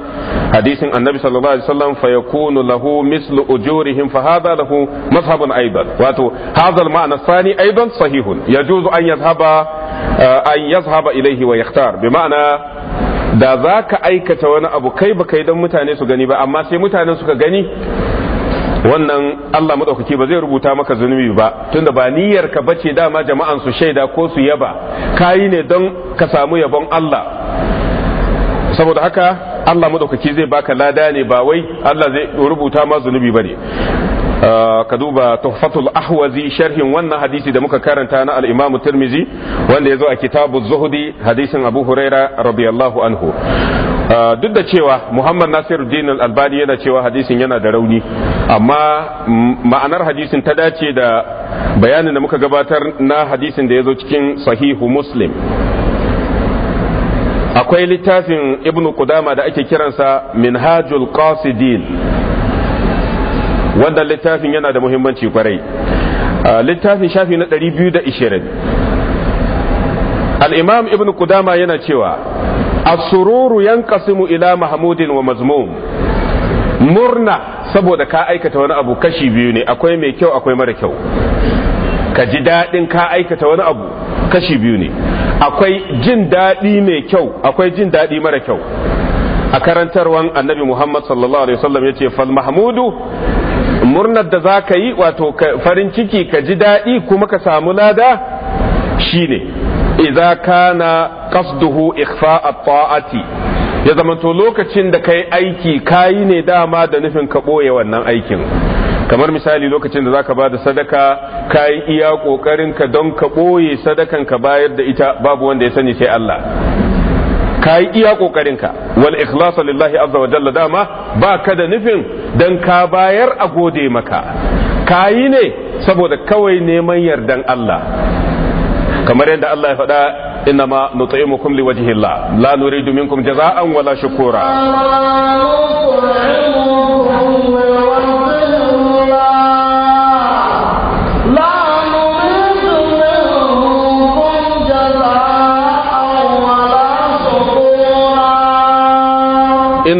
hadisin annabi sallallahu alaihi wasallam fa yakunu lahu mislu ujurihim fa hadha lahu mazhabun aidan wato hadha al ma'na thani aidan sahihun yajuzu an yadhhaba eh, an yadhhaba ilayhi wa yakhtar bi ma'ana da za ka aikata wani abu kai ba kai don mutane su gani ba amma sai mutane suka gani wannan Allah madaukaki ba zai rubuta maka zunubi ba tunda ba niyyar ka bace dama jama'an su shaida ko su yaba kayi ne don ka samu yabon Allah saboda haka Allah madaukaki zai baka lada ne ba wai Allah zai rubuta ma zunubi bane ka duba tuhfatul ahwazi sharhin wannan hadisi da muka karanta na al-imam tirmizi wanda yazo a kitabu zuhdi hadisin abu huraira radiyallahu anhu duk da cewa muhammad nasiruddin al-albani yana cewa hadisin yana da rauni amma ma'anar hadisin ta dace da bayanin da muka gabatar na hadisin da yazo cikin sahihu muslim akwai littafin ibnu kudama da ake kiransa minhajul qasidin wannan littafin yana da muhimmanci kwarai littafin shafi na 220 al-imam ibn kudama yana cewa asururu sururu ila mahmudin wa mazmum murna saboda ka aikata wani abu kashi biyu ne akwai mai kyau akwai mara kyau ka ji daɗin ka aikata wani abu kashi biyu ne akwai jin daɗi mai kyau akwai jin daɗi mara kyau a karantarwan annabi muhammad sallallahu alaihi wasallam ya ce fal mahmudu murnar da za ka yi wato farin ciki ka ji daɗi kuma ka samu lada shi shine idza kana qasduhu ikfa a taati ya zamanto lokacin da ka yi aiki ka yi ne dama da nufin ka ɓoye wannan aikin kamar misali lokacin da za ka ba da sadaka ka yi iya kokarin don ka ɓoye sadakan ka bayar da ita babu wanda ya sani sai Allah ka yi iya kokarinka wal ikhlasa lillahi azza wa jalla dama ba ka da nufin dan ka bayar a gode maka ka yi ne saboda kawai neman yardan Allah kamar yadda Allah ya faɗa إنما نطعمكم لوجه الله لا نريد منكم جزاء ولا شكورا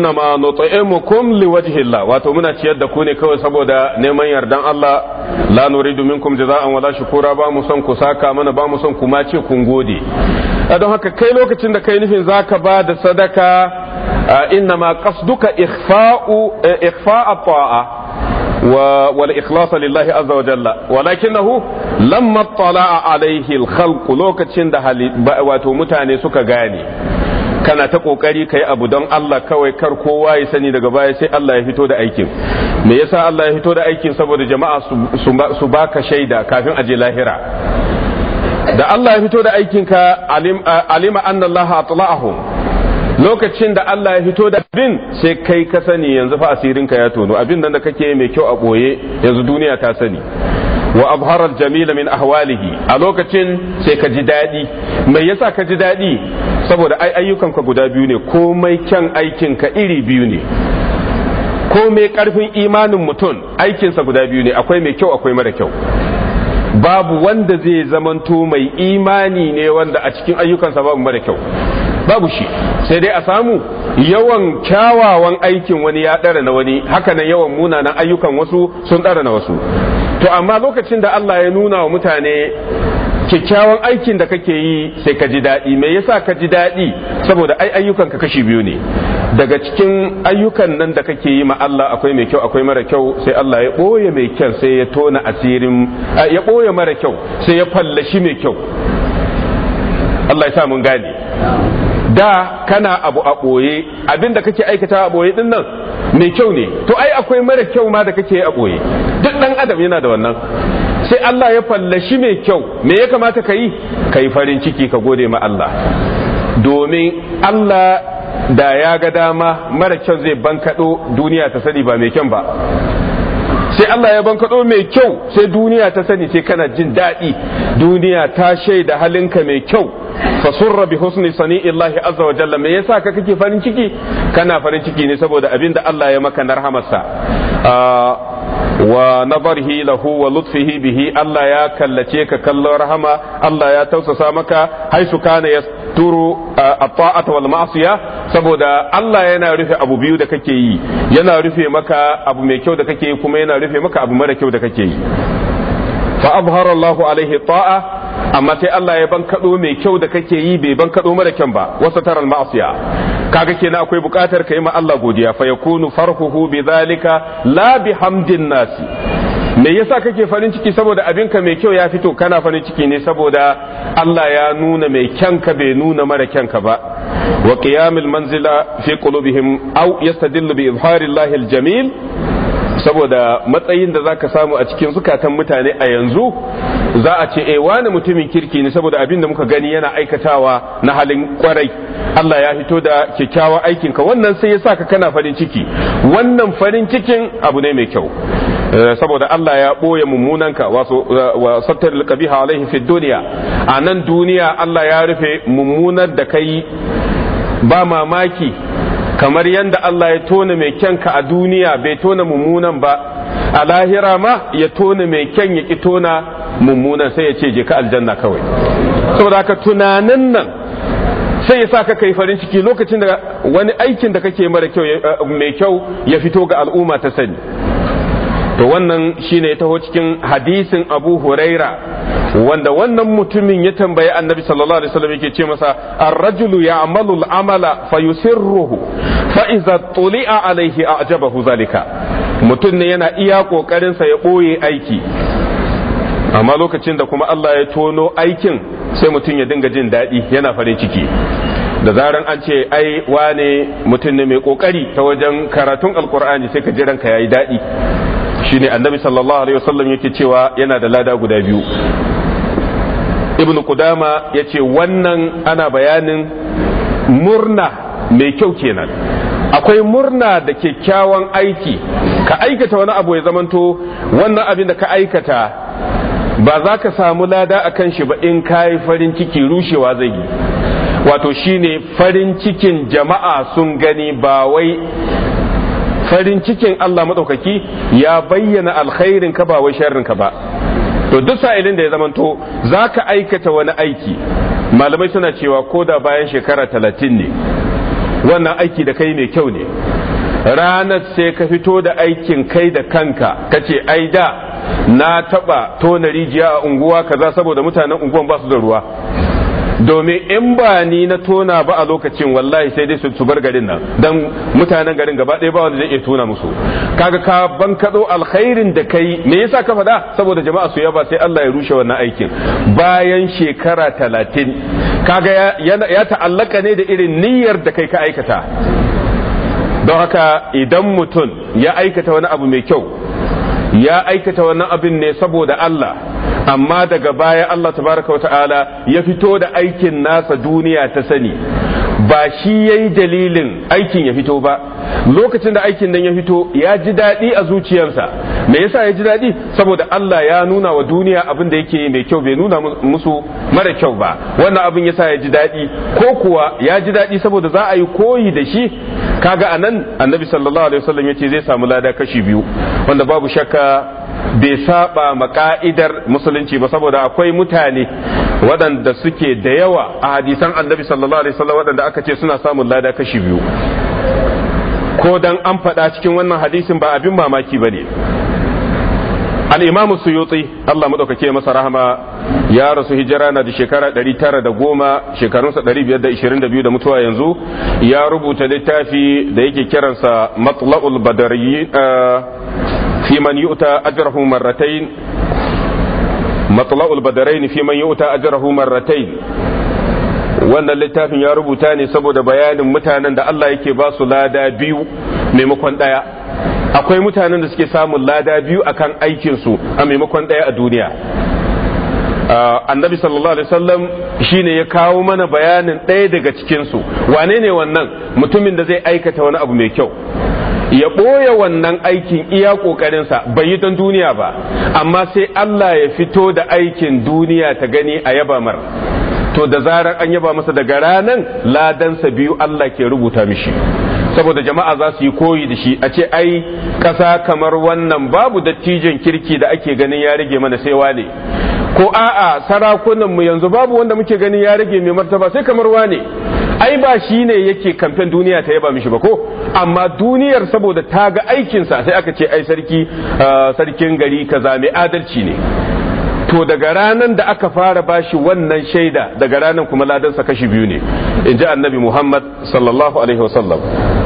inna ma nut'imukum liwajhillah wato muna ciyar da ku ne kawai saboda neman yardan Allah la nuridu minkum jazaa'an wala shukura ba mu son ku saka mana ba mu son ku ma ce kun gode don haka kai lokacin da kai nufin zaka ba da sadaka inna ma qasduka ikhfa'u ikhfa'a ta'a والإخلاص لله عز وجل ولكنه لما اطلع عليه الخلق لوكتشن ده واتو متاني سكا gane. kana ta kokari ka yi abu don Allah kawai kar kowa ya sani daga baya sai Allah ya fito da aikin me yasa Allah ya fito da aikin saboda jama'a su baka shaida kafin aje lahira da Allah ya fito da aikinka alima anna Allah lokacin da Allah ya fito da abin sai kai ka sani yanzu fa ka ya tono abin nan da kake mai kyau a boye yanzu duniya ta sani wa abharar jamila min ahwalihi a lokacin sai ka ji daɗi mai yasa ka ji daɗi saboda ai ayyukanka guda biyu ne komai kyan aikinka iri biyu ne komai karfin imanin mutum aikinsa guda biyu ne akwai mai kyau akwai mara kyau babu wanda zai zamanto mai imani ne wanda a cikin ayyukansa babu mara kyau babu shi sai dai a samu yawan kyawawan aikin wani ya ɗara na wani hakanan yawan munanan ayyukan wasu sun ɗara na wasu to amma lokacin da Allah ya nuna wa mutane kyakkyawan aikin da kake yi sai ka ji daɗi me yasa ka ji daɗi saboda ai ayyukan ka kashi biyu ne daga cikin ayyukan nan da kake yi ma Allah akwai mai kyau akwai mara kyau sai Allah ya ɓoye mai kyau sai ya tona asirin ya ɓoye mara kyau sai ya fallashi mai kyau Allah ya sa mun gane da kana abu a ɓoye da kake aikata a ɓoye din nan mai kyau ne to ai akwai mara kyau ma da kake yi a ɓoye duk ɗan adam yana da wannan sai Allah ya fallashi mai kyau me ya kamata ka yi ka yi farin ciki ka gode ma Allah domin Allah da ya ga dama mara kyau zai bankaɗo duniya ta sani ba mai kyau ba sai Allah ya bankaɗo mai kyau sai duniya ta sani sai kana jin daɗi duniya ta shaida halinka mai kyau fasurra bi husni illahi azza wa jalla me yasa ka kake farin ciki kana farin ciki ne saboda abin da Allah ya maka narhamarsa ah, wa nazarhi lahu wa lutfihi bihi Allah ya kallace ka kallon rahama Allah ya tausasa maka haisu kana Turo a taata wal saboda Allah yana rufe abu biyu da kake yi yana rufe maka abu mai kyau da kake yi kuma yana rufe maka abu mara kyau da kake yi fa abhara Allahu alaihi ta'a amma sai Allah ya bankado mai kyau da kake yi bai bankado mara kyan ba wasa taral ma'asiya kaga kenan akwai bukatar yi ma Allah godiya fa yakunu farhuhu bi zalika la bi hamdin nasi me yasa kake farin ciki saboda abinka mai kyau ya fito kana farin ciki ne saboda Allah ya nuna mai kyanka bai nuna mara kyanka ba wa qiyamil manzila fi qulubihim aw yastadillu bi izhari Allahil jamil saboda matsayin da za ka samu a cikin zukatan mutane a yanzu za a ce eh wani mutumin kirki ne saboda abin da muka gani yana aikatawa na halin kwarai Allah ya fito da kyakkyawan aikin ka wannan sai ya saka kana farin ciki wannan farin cikin abu ne mai kyau eh, saboda Allah ya boye mummunan ka wasu eh, sattar alqabiha alaihi fi dunya a nan duniya Allah ya rufe mummunar da kai ba mamaki kamar yadda Allah ya tona mai kyan ka a duniya bai tona mummunan ba a lahira ma ya tona mai kyan ya ki tona mummunan sai ya ce je ka aljanna kawai saboda ka tunanin nan sai ya sa ka kai farin ciki lokacin da wani aikin da kake mara kyau eh, mai kyau ya fito ga al'umma ta sani to wannan shine ya taho cikin hadisin abu huraira wanda wannan mutumin ya tambayi annabi sallallahu alaihi wasallam yake ce masa ar-rajulu ya'malu al-amala fayusirruhu fa idza tuli'a alaihi a'jabahu zalika mutum ne yana iya kokarin sa ya boye aiki amma lokacin da kuma Allah ya tono aikin sai mutum ya dinga jin daɗi yana farin ciki da zaran an ce ai wane mutum ne mai kokari ta wajen karatun alkur'ani sai ka ji ranka yayi daɗi shine annabi sallallahu alaihi wasallam yake cewa yana da lada guda biyu ibnu kudama ya ce wannan ana bayanin murna mai kyau kenan akwai murna da kyakkyawan aiki ka aikata wani abu ya zamanto wannan abin da ka aikata ba za ka samu lada a kan shi ba in ka yi farin ciki rushewa zai yi wato shine farin cikin jama'a sun gani ba wai farin cikin Allah maɗaukaki ya bayyana alkhairin ka ba wai sharrin ka ba to duk sa'ilin da ya zamanto zaka aikata wani aiki malamai suna cewa ko da bayan shekara talatin ne wannan aiki da kai mai kyau ne ranar sai ka fito da aikin kai da kanka ka ce ai da na taɓa tona rijiya a unguwa kaza saboda mutanen unguwan ba su da ruwa domin in ba ni na tona ba a lokacin wallahi sai dai su bar garin nan dan mutanen garin gaba ɗaya ba wanda zai iya tona musu kaga ka ban alkhairin da kai me yasa ka faɗa saboda jama'a su yaba sai Allah ya rushe wannan aikin bayan shekara talatin kaga ya ta'allaka ne da irin niyyar da kai ka aikata don haka idan mutum ya aikata wani abu mai kyau ya aikata wannan abin ne saboda Allah amma daga baya Allah tabaraka wa ta'ala ya fito da aikin nasa duniya ta sani ba shi ya yi dalilin aikin ya fito ba lokacin da aikin nan ya fito ya ji daɗi a zuciyarsa me yasa ya ji daɗi saboda Allah ya nuna wa duniya abin da yake mai kyau bai nuna musu mara kyau ba wannan abin yasa ya ji daɗi ko kuwa ya ji daɗi saboda za a yi koyi da shi kaga anan annabi sallallahu alaihi wasallam yace zai samu lada kashi biyu wanda babu shakka bai saba ma ka'idar musulunci ba saboda akwai mutane waɗanda suke da yawa a hadisan annabi sallallahu alaihi wasallam waɗanda aka ce suna samun lada kashi biyu ko dan an faɗa cikin wannan hadisin ba abin mamaki ba ne imamu suyuti Allah madaukake masa rahama ya rasu hijira na da shekara 910 shekarunsa 522 da mutuwa yanzu ya rubuta littafi da yake kiransa matla'ul badariyi eh, fi man yu'ta ajrahu marratayn matla'ul badarain fi man yu'ta ajrahu marratayn wannan littafin ya rubuta ne saboda bayanin mutanen da Allah yake ba su lada biyu maimakon akwai mutanen da suke samun lada biyu akan aikinsu a maimakon daya a duniya annabi sallallahu alaihi wasallam shine ya kawo mana bayanin ɗaya daga cikinsu wane ne wannan mutumin da zai aikata wani abu mai kyau ya ɓoye wannan aikin iya ƙoƙarinsa bai yi don duniya ba amma sai Allah ya fito da aikin duniya ta gani a yaba mar to da zarar an yaba masa daga ranan ladansa biyu Allah ke rubuta mishi saboda jama'a za su yi koyi da shi a ce ai ƙasa kamar wannan babu dattijan kirki da ake ganin ya rage mana sai wane ko a'a sarakunanmu yanzu babu wanda muke ganin ya rage mai martaba sai kamar wane ai ba shi ne yake kamfen duniya ta yaba mishi ba ko amma duniyar saboda ta ga aikinsa sai aka ce ai sarki ah, sarkin gari kaza mai adalci ne to daga ranar da aka fara bashi wannan shaida daga ranar kuma ladansa kashi biyu ne in ji annabi muhammad sallallahu alaihi wasallam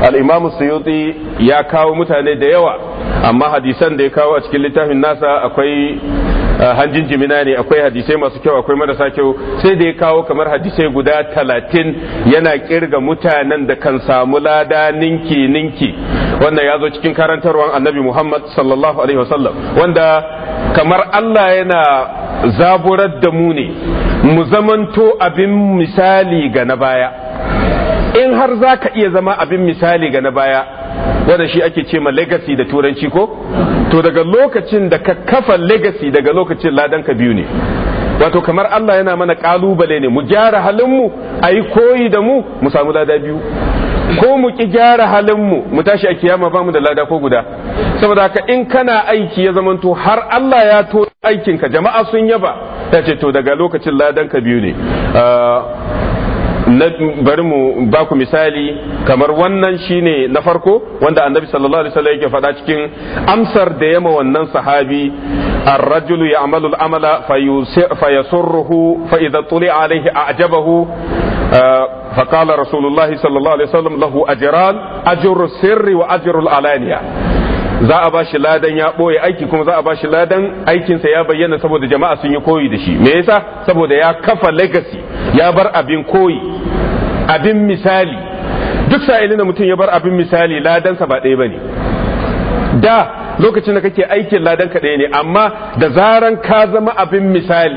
al'imamu suyuti ya kawo mutane da yawa amma hadisan da ya kawo a cikin littafin nasa akwai hanjin jimina ne akwai hadisai masu kyau akwai marasa kyau sai da ya kawo kamar hadisai guda talatin yana kirga mutanen da kan samu lada ninki ninki wannan ya zo cikin karantarwar annabi muhammad sallallahu alaihi wasallam wanda kamar allah yana zaburar da mu ne mu zamanto abin misali ga na baya in har za ka iya zama abin misali ga na baya wanda shi ake ce ma legacy da turanci ko to daga lokacin da ka kafa legacy daga lokacin ladan ka biyu ne wato kamar Allah yana mana kalubale ne mu gyara halinmu a yi koyi da mu mu samu lada biyu ko mu ki gyara halinmu mu tashi a kiyama ba mu da lada ko guda saboda haka in kana aiki ya zamanto har Allah ya to aikinka jama'a sun yaba ta ce to daga lokacin ladan ka biyu ne ah, bari mu ba ku misali kamar wannan shine na farko wanda annabi sallallahu alaihi wasallam yake faɗa cikin amsar da yama wannan sahabi ar-rajulu ya'malu al-amala fayasurruhu fa idza tuli'a uh, alaihi a'jabahu فقال رسول الله صلى الله عليه وسلم له أجران أجر السر وأجر العلانية za a ba shi ladan ya ɓoye aiki kuma za a ba shi ladan aikinsa ya bayyana saboda jama'a sun yi koyi da shi me yasa saboda ya kafa legacy ya bar abin koyi abin misali duk sa'ilin da mutum ya bar abin misali ladansa ba ɗaya bane da lokacin da kake aikin ladan ka ɗaya ne amma da zaran ka zama abin misali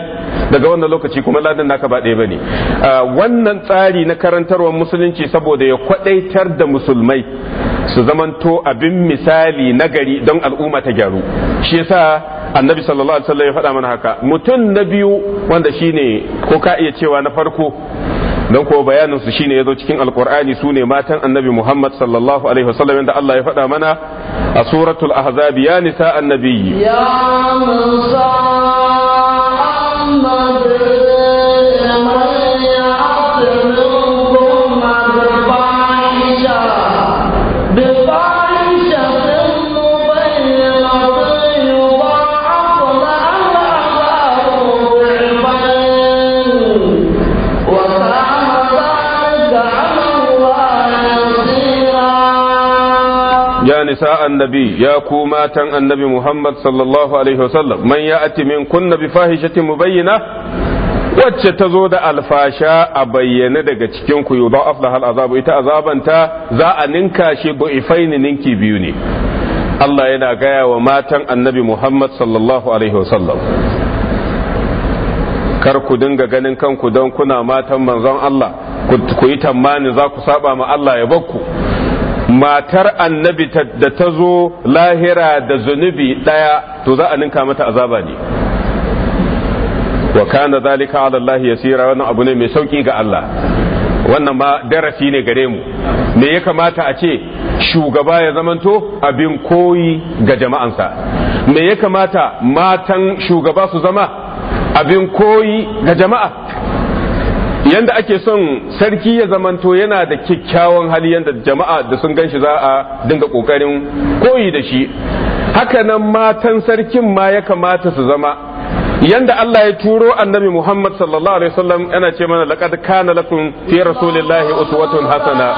daga wannan lokaci kuma ladan naka ba ɗaya bane ah, wannan tsari na karantarwar musulunci saboda ya kwadaitar da musulmai su zamanto abin misali na gari don al'umma ta gyaru shi yasa annabi sallallahu alaihi wasallam ya faɗa mana haka mutum na biyu wanda shine ko ka iya cewa na farko don kuwa bayanin su shine yazo cikin alqur'ani sune matan annabi muhammad sallallahu alaihi wasallam da Allah ya faɗa mana a suratul ahzab ya nisa annabi ya musa nisa annabi ya ku matan annabi Muhammad sallallahu alaihi wasallam man ya'ti min kunna bi fahishatin mubayyina wacce ta zo da alfasha a bayyane daga cikin ku yudha'af lahal azabu ita azabanta za a ninka shi ni ninki biyu ne Allah yana gaya wa matan annabi Muhammad sallallahu alaihi wasallam kar ku dinga ganin kanku don kuna matan manzon Allah ku yi tamani za ku saba ma Allah ya bakku matar annabi da ta zo lahira da zunubi ɗaya to za a ninka mata azaba ne wa kana zalika ala Allah yasira wannan abu ne mai sauki ga Allah wannan ma darasi ne gare mu me ya kamata a ce shugaba ya zamanto abin koyi ga jama'ansa me ya kamata matan shugaba su zama abin koyi ga jama'a yanda ake son sarki ya zamanto yana da kyakkyawan hali yanda jama'a da sun ganshi za a dinga kokarin koyi da shi Haka hakanan matan sarkin ma ya kamata su zama yanda Allah ya turo annabi Muhammad sallallahu alaihi wasallam yana ce mana laqad kana lakum fi rasulillahi uswatun hasana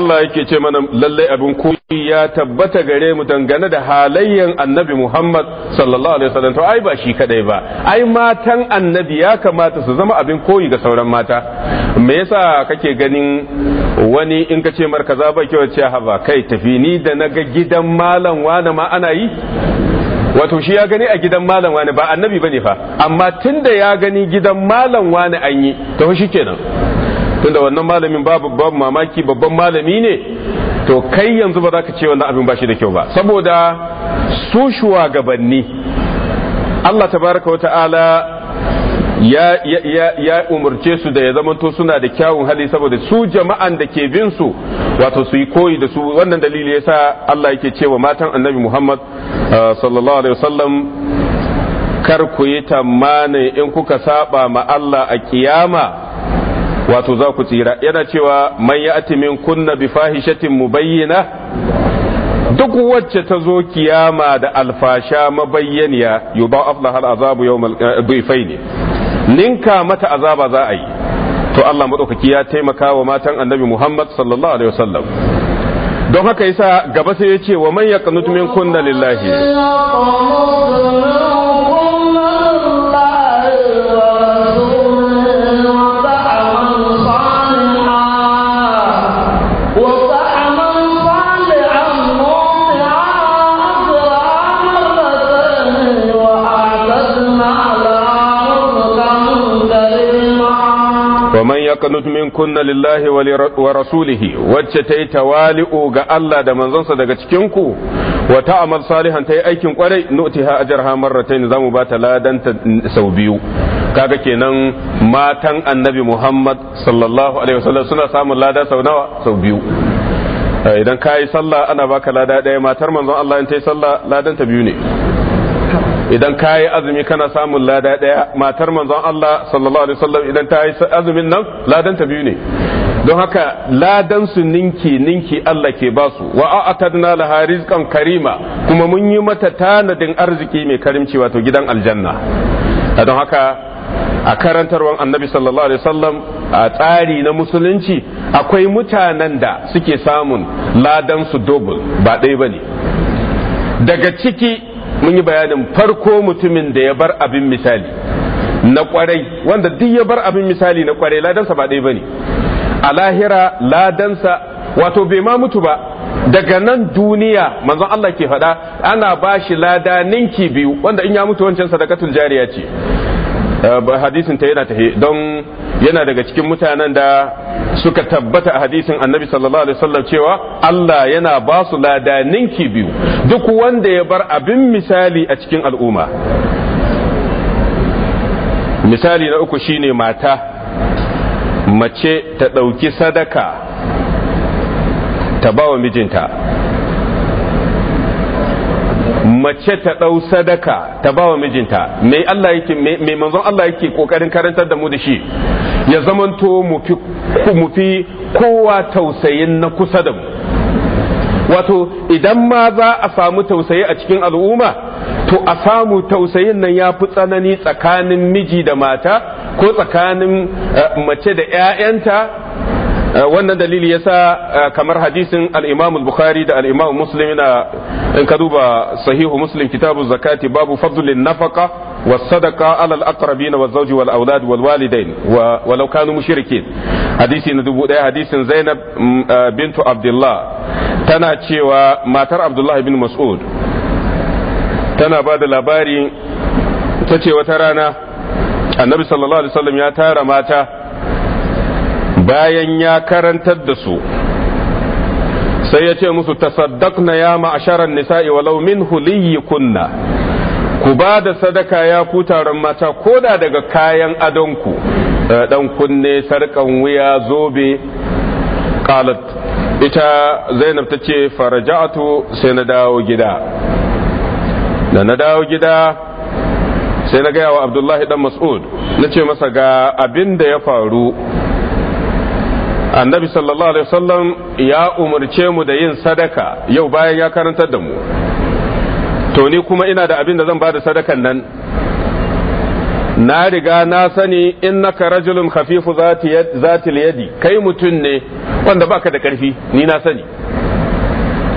Allah yake ce mana lallai abin koyi ya tabbata gare mu dangane da halayyan annabi Muhammad sallallahu alaihi wasallam to ai ba shi kadai ba ai matan annabi ya kamata su zama abin koyi ga sauran mata me yasa kake ganin wani in ka ce mar ba kyau ce haba kai tafi ni da naga gidan malam wani ma ana yi wato shi ya gani a gidan malam wani ba annabi bane fa amma tunda ya gani gidan malam wani an yi to kenan. tunda wannan malamin babu babu mamaki babban malami ne to kai yanzu ba za ka ce wannan abin ba shi da kyau ba saboda su shugabanni Allah tabaraka wata'ala ya ya ya umarce su da ya zamanto suna da kyawun hali saboda su jama'an da ke bin su wato su yi koyi da su wannan dalili yasa Allah yake cewa matan Annabi Muhammad uh, sallallahu alaihi wasallam kar ku yi tamanin in kuka saba ma Allah a kiyama wato za ku tsira yana cewa man ya kunna bi fahishatin mubayyina duk wacce ta zo kiyama da alfasha mabayyaniya yudha'af laha al'azabu yawmal eh, dhifaini ninka mata azaba za a yi to Allah madaukaki ya taimaka wa matan annabi Muhammad sallallahu alaihi wasallam don haka yasa gaba sai ya ce wa man yaqnutu min kunna lillahi taqnut min kunna lillahi wa rasulihi wacce ta yi tawali'u ga Allah da manzonsa daga cikin ku wa amal salihan ta yi aikin kwarai ajar ha marratain zamu ba ta ladanta sau biyu kaga kenan matan annabi Muhammad sallallahu alaihi wasallam suna samun lada sau nawa sau biyu eh, idan ka yi sallah ana baka lada ɗaya matar manzon Allah in ta yi sallah ladan biyu ne idan ka yi azumi kana samun lada daya matar manzon Allah sallallahu alaihi wasallam idan ta yi azumin nan ladan ta biyu ne don haka ladan su ninki ninki Allah ke ba su wa a'tadna laha rizqan karima kuma mun yi mata tanadin arziki mai karimci wato gidan aljanna don haka a karantarwan annabi sallallahu alaihi wasallam a tsari na musulunci akwai mutanen da suke samun ladan su double ba ɗaya bane daga ciki mun yi bayanin farko mutumin da ya bar abin misali na kwarai wanda duk ya bar abin misali na kwarai ladansa ba ɗaya bane a lahira ladansa wato bai ma mutu ba daga nan duniya manzon Allah ke faɗa ana ba shi lada ninki biyu wanda in ya mutu wancan sadakatul jariya ce Eh, hadisin ta yana tahe don yana daga cikin mutanen da suka tabbata a hadisin annabi sallallahu alaihi wasallam cewa Allah yana ba su ladaninki biyu duk wanda ya bar abin misali a cikin al'umma misali na uku shine mata mace ta ɗauki sadaka ta ba wa mijinta mace ta ɗau sadaka ta bawa mijinta mai Allah yake mai manzon Allah yake kokarin karantar da mu da shi ya zamanto mu fi kowa tausayin na kusa da mu wato idan ma za a samu tausayi a cikin al'umma to a samu tausayin nan ya fi tsanani tsakanin miji da mata ko tsakanin eh, mace da 'ya'yanta Eh, wannan dalili yasa eh, kamar hadisin al-Imam bukhari da al-Imam Muslim na in ka duba sahihu Muslim kitabu zakati babu fadlin nafaqa was-sadaqa ala al-aqrabin waz-zawj wal-awlad wal-walidain wa law kanu mushrikeen hadisi na dubu daya hadisin Zainab mm, eh, bintu Abdullah tana cewa matar Abdullah ibn Mas'ud tana ba da labari ta ce wata rana annabi sallallahu alaihi wasallam ya tara mata bayan ya karantar da su sai ya ce musu tasaddaqna ya ma'asharan nisa'i walau min kunna ku ba da sadaka ya ku taron mata koda daga kayan adonku dan kunne sarkan wuya zobe qalat ita zainab ta ce faraja'atu sai na dawo gida da na dawo gida sai na gaya wa abdullahi dan mas'ud na ce masa ga abin da ya faru annabi sallallahu alaihi wasallam ya umarce mu da yin sadaka yau bayan ya karantar da mu to ni kuma ina da abin da zan bada sadakan nan na riga na sani innaka rajulun khafifu zatil yadi kai mutum ne wanda baka da karfi ni na sani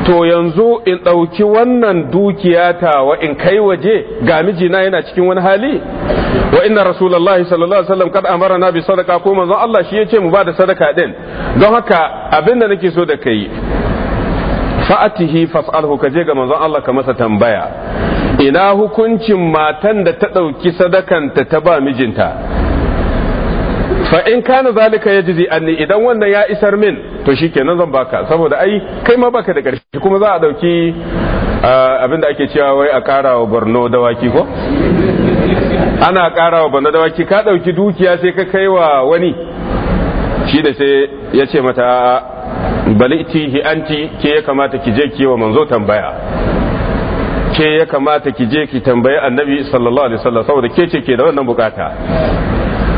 to yanzu in ɗauki wannan dukiya wa in kai waje ga mijina yana cikin wani hali wa inna rasulullahi sallallahu alaihi wasallam kad amarna bi sadaqa ko manzo Allah shi yace mu ba da sadaka din don haka abinda nake so da kai fa'atihi fas'alhu kaje ga manzo Allah ka masa tambaya ina hukuncin matan da ta ɗauki sadakan ta ta ba mijinta fa in kana zalika yajzi anni idan wannan ya isar min to shikenan zan baka saboda ai kai ma baka da karshe kuma za a ɗauki ah, abinda ake cewa wai a karawa wa Borno dawaki ko ana ƙara wa banda dawaki ka ɗauki dukiya sai ka kai wa wani shi da sai ya ce mata bali tihi anti ke ya kamata ki je ki wa manzo tambaya ke ya kamata ki je ki tambayi annabi sallallahu alaihi wasallam saboda ke ce ke da wannan bukata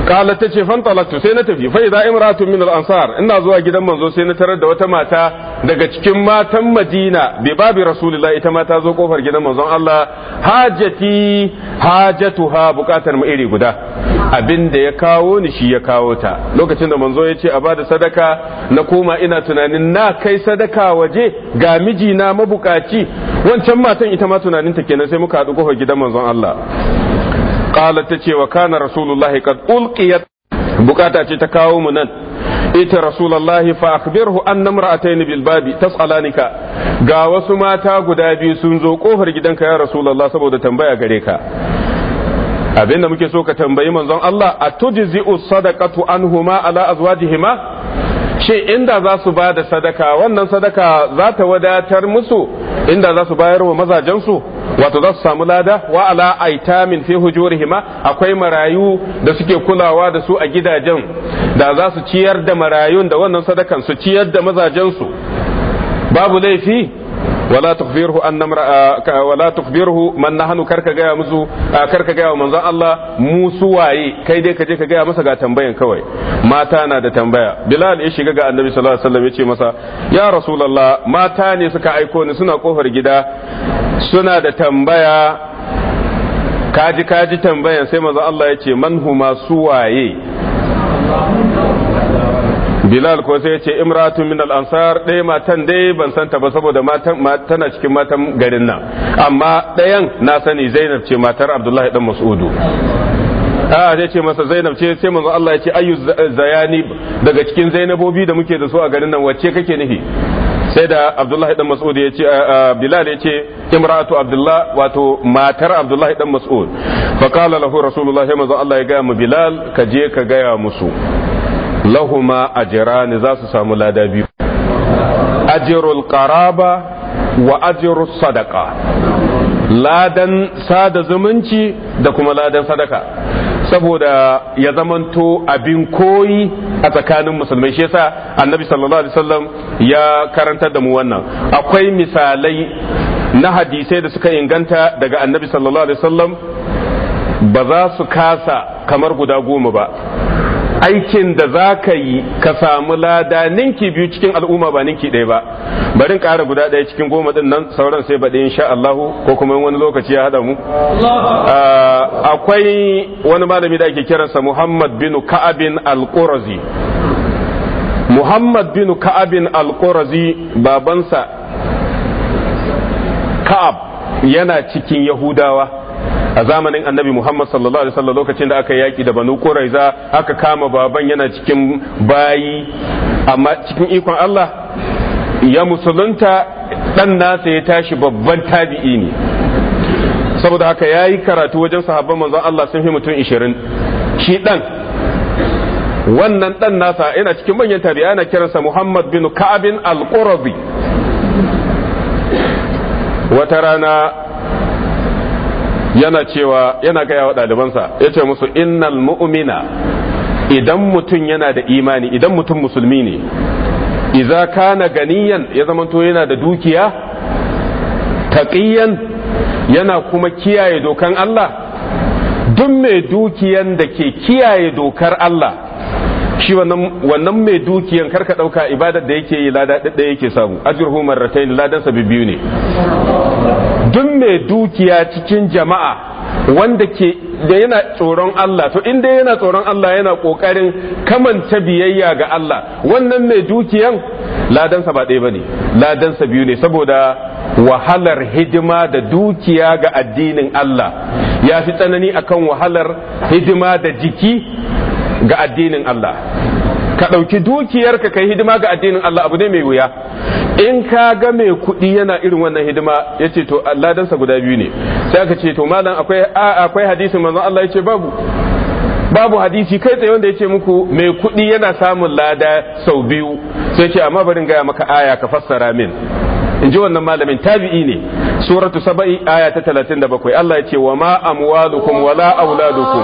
kala ta ce fantalaktu sai na tafi fa idza imra'atun min al-ansar ina zuwa gidan manzo sai na tarar da wata mata daga cikin matan Madina bi babi rasulullah ita ma ta zo kofar gidan manzon Allah hajati hajatuha bukatar mu iri guda abin da ya kawo ni shi ya kawo ta lokacin da manzo ya ce a bada sadaka na koma ina tunanin na kai sadaka waje ga miji na mabukaci wancan matan ita ma tunanin ta kenan sai muka haɗu kofar gidan manzon Allah qala tace wa kana rasulullahi qad ulqiyat bukata ce ta kawo mu nan ita rasulullahi fa akhbirhu anna imra'atayn bil babi tas'alanika ga wasu mata guda biyu sun zo kofar gidanka ya rasulullah saboda tambaya gare ka abin da muke so ka tambayi manzon Allah a tujzi'u sadaqatu anhuma ala azwajihima shin inda za su ba da sadaka wannan sadaka za ta wadatar musu inda za su bayar wa mazajensu wato za su samu lada wa ala aitamin fi hujurihima akwai marayu da suke kulawa da su a gidajen da za su ciyar da marayun da wannan sadakan su ciyar da mazajensu babu laifi wala tukbirhu an wala tukbirhu man nahnu karka gaya musu karka gaya manzan Allah mu su waye kai dai ka je ka gaya masa ga tambayan kawai mata na da tambaya Bilal ya shiga ga Annabi sallallahu alaihi wasallam ya ce masa ya Rasulullah mata ne suka aiko ni suna kofar gida suna da tambaya kaji kaji tambayan sai manzan Allah ya ce man huma su waye bilal ko sai ya ce imratun min al-ansar dai matan dai ban santa ba saboda tana cikin matan garin nan amma dayan na sani zainab ce matar abdullahi dan mas'udu a ah, zai ce masa zainab ce sai manzo Allah ya ce ayu zayani daga cikin zainabobi da muke da su a garin nan wacce kake nufi sai da abdullahi dan mas'ud ya ce bilal ya ce imratu abdullah wato matar abdullahi dan mas'ud fa qala lahu rasulullahi manzo Allah ya ga mu bilal ka je ka gaya musu lahuma ajirani za su samu lada biyu ajirul qaraba wa ajirul sadaka ladan sada zumunci da kuma ladan sadaka saboda ya zamanto abin koyi a tsakanin musulmai shi yasa annabi sallallahu alaihi wasallam ya karantar da mu wannan akwai misalai na hadisai da suka inganta daga annabi sallallahu alaihi wasallam ba za su kasa kamar guda goma ba aikin da za ka yi ka samu lada ninki biyu cikin al'umma ba ninki ɗaya ba barin ƙara guda ɗaya cikin goma ɗin nan sauran sai baɗi insha Allahu ko kuma wani lokaci ya haɗa mu ah, akwai wani malami da ake kiransa Muhammad bin Ka'abin al-Qurazi Muhammad bin Ka'abin al-Qurazi babansa Ka'ab yana cikin Yahudawa a zamanin annabi muhammad sallallahu alaihi wasallam lokacin da aka yaki da banu quraiza aka kama baban yana cikin bayi amma cikin ikon allah ya musulunta dan nasa ya tashi babban tabi'i ne saboda haka ya yi karatu wajen sahabban manzon allah sun fi mutum ishirin shi dan wannan dan nasa yana cikin manyan tabi'a ana kiransa muhammad bin ka'abin al-qurabi wata rana yana cewa yana gaya wa ɗalibansa ya ce musu innal mu'mina idan mutum yana da imani idan mutum musulmi ne iza kana ganiyan ya zamanto yana da dukiya taqiyan yana kuma kiyaye dokan Allah duk mai dukiyan da ke kiyaye dokar Allah shi wannan mai dukiyan karka dauka ibadar da yake yi lada ɗaya yake samu ajruhu marratayn ladan sa biyu ne duk mai dukiya cikin jama'a wanda ke da yana tsoron Allah to inda yana tsoron Allah yana kokarin kamanta biyayya ga Allah wannan mai dukiyan ladansa ba ɗaya bane ladansa biyu ne saboda wahalar hidima da dukiya ga addinin Allah ya fi tsanani akan wahalar hidima da jiki ga addinin Allah ka ɗauki ka kai hidima ga addinin Allah abu ne mai wuya in ka ga mai kuɗi yana irin wannan hidima ya ce to ladansa guda biyu ne sai aka ce to malam akwai akwai hadisin manzon Allah ya ce babu babu hadisi kai tsaye wanda ya ce muku mai kuɗi yana samun lada sau biyu sai ce amma barin gaya maka aya ka fassara min in ji wannan malamin tabi'i ne suratu saba'i aya ta talatin da bakwai Allah ya ce wa ma amwalukum wala auladukum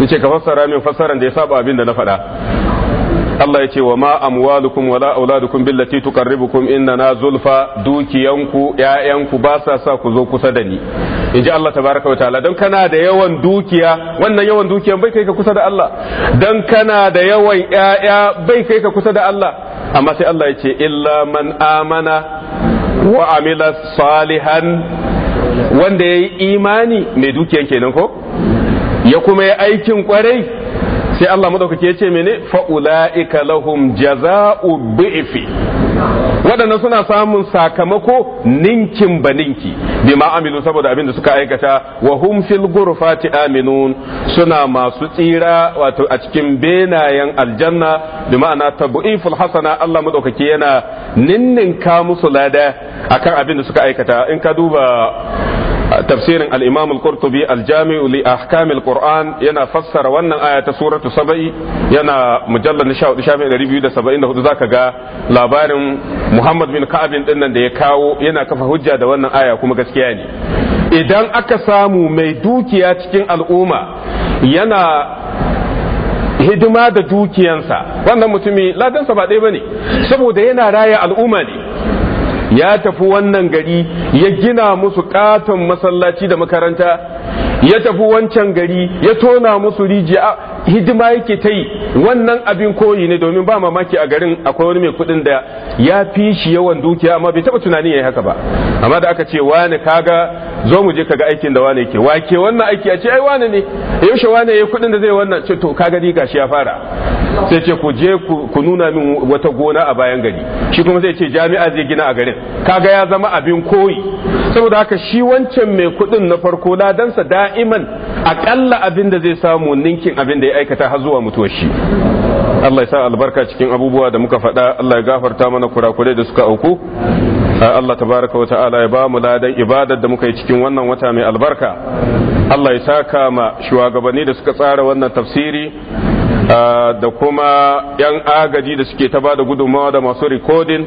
yace ka fassara min fassaran da ya saba abin da na faɗa Allah ya ce wa ma amwalukum wala auladukum billati tuqarribukum na zulfa dukiyanku yayanku ba sa sa ku zo kusa da ni inji Allah tabaraka wa ta'ala dan kana da yawan dukiya wannan yawan dukiyan bai kai ka kusa da Allah dan kana da yawan yaya bai kai ka kusa da Allah amma sai Allah ya ce illa man amana wa amila salihan wanda yayi imani mai dukiyan kenan ko ya kuma ya aikin kwarai sai Allah madaukake ya ce mene fa'ula'ika lahum jaza'u bi'fi waɗannan suna samun sakamako ninkin ba ninki ma amilu saboda abin da suka aikata wa hum fil ghurfati aminun suna masu tsira wato a cikin benayen aljanna bi ma'ana tabu'iful hasana Allah madaukake yana ninninka musu lada akan abin da suka aikata in ka duba tafsirin al-imam al-qurtubi al al-jami li ahkam al-qur'an yana fassara wannan aya ta suratu saba'i yana mujallar 14 shafin 274 zaka ga labarin muhammad bin ka'ab din nan da ya kawo yana kafa hujja da wannan aya kuma gaskiya ne idan aka samu mai dukiya cikin al'umma yana hidima da dukiyansa wannan mutumi ladansa ba ɗaya bane saboda yana raya al'umma ne ya tafi wannan gari ya gina musu katon masallaci da makaranta ya tafi wancan gari ya tona musu rijiya hidima yake ta yi wannan abin koyi ne domin ba mamaki a garin akwai wani mai kuɗin da ya fi shi yawan dukiya amma bai taɓa tunani ya yi haka ba amma da aka ce wani kaga zo mu je kaga aikin da wani yake wake wannan aiki a ce ai wani ne yaushe wani ya yi kuɗin da zai wannan ce to kaga ni gashi ya fara sai ce ku je ku nuna min wata gona a bayan gari shi kuma zai ce jami'a zai gina a garin kaga ya zama abin koyi saboda haka shi wancan mai kuɗin na farko ladansa da'iman akalla abin da zai samu ninkin abin da ya aikata har zuwa mutuwar shi Allah ya sa albarka cikin abubuwa da muka faɗa Allah ya gafarta mana kurakurai da suka auku Allah tabaraka wa ta'ala ya ba mu ladan ibadar da muka yi cikin wannan wata mai albarka Allah ya saka ma shugabanni da suka tsara wannan tafsiri da kuma 'yan agaji da suke ta ba da gudunmawa da masu rikodin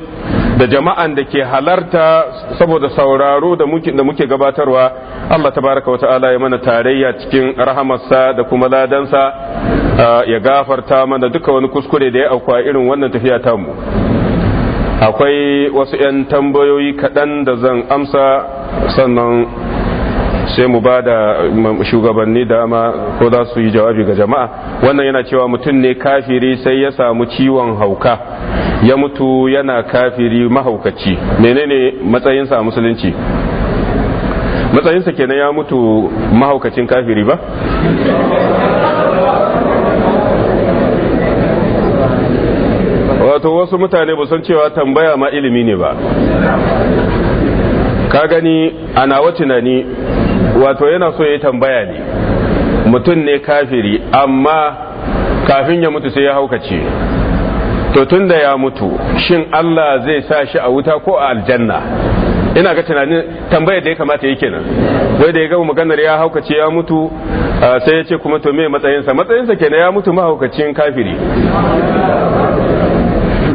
da jama'an da ke halarta saboda sauraro da muke gabatarwa Allah tabaraka wa ta'ala ya mana tarayya cikin rahamarsa da kuma ladansa ya gafarta mana duka wani kuskure da ya auku irin wannan tafiya ta mu akwai wasu 'yan tambayoyi kaɗan da zan amsa sannan sai mu ba da shugabanni dama ko za su yi jawabi ga jama'a wannan yana cewa mutum ne kafiri sai ya samu ciwon hauka ya mutu yana kafiri mahaukaci menene matsayinsa a musulunci matsayinsa kenan ya mutu mahaukacin kafiri ba wato wasu mutane ba san cewa tambaya ma ilimi ne ba ka gani a nawa tunani wato yana so ya tambaya ne mutum ne kafiri amma kafin ya mutu sai ya haukace to tun da ya mutu shin Allah zai sa shi a wuta ko a aljanna ina ga tunanin tambayar da ya kamata yake nan wai da ya gama maganar ya haukace ya mutu sai ya ce kuma to me matsayinsa matsayinsa kenan ya mutu mahaukacin kafiri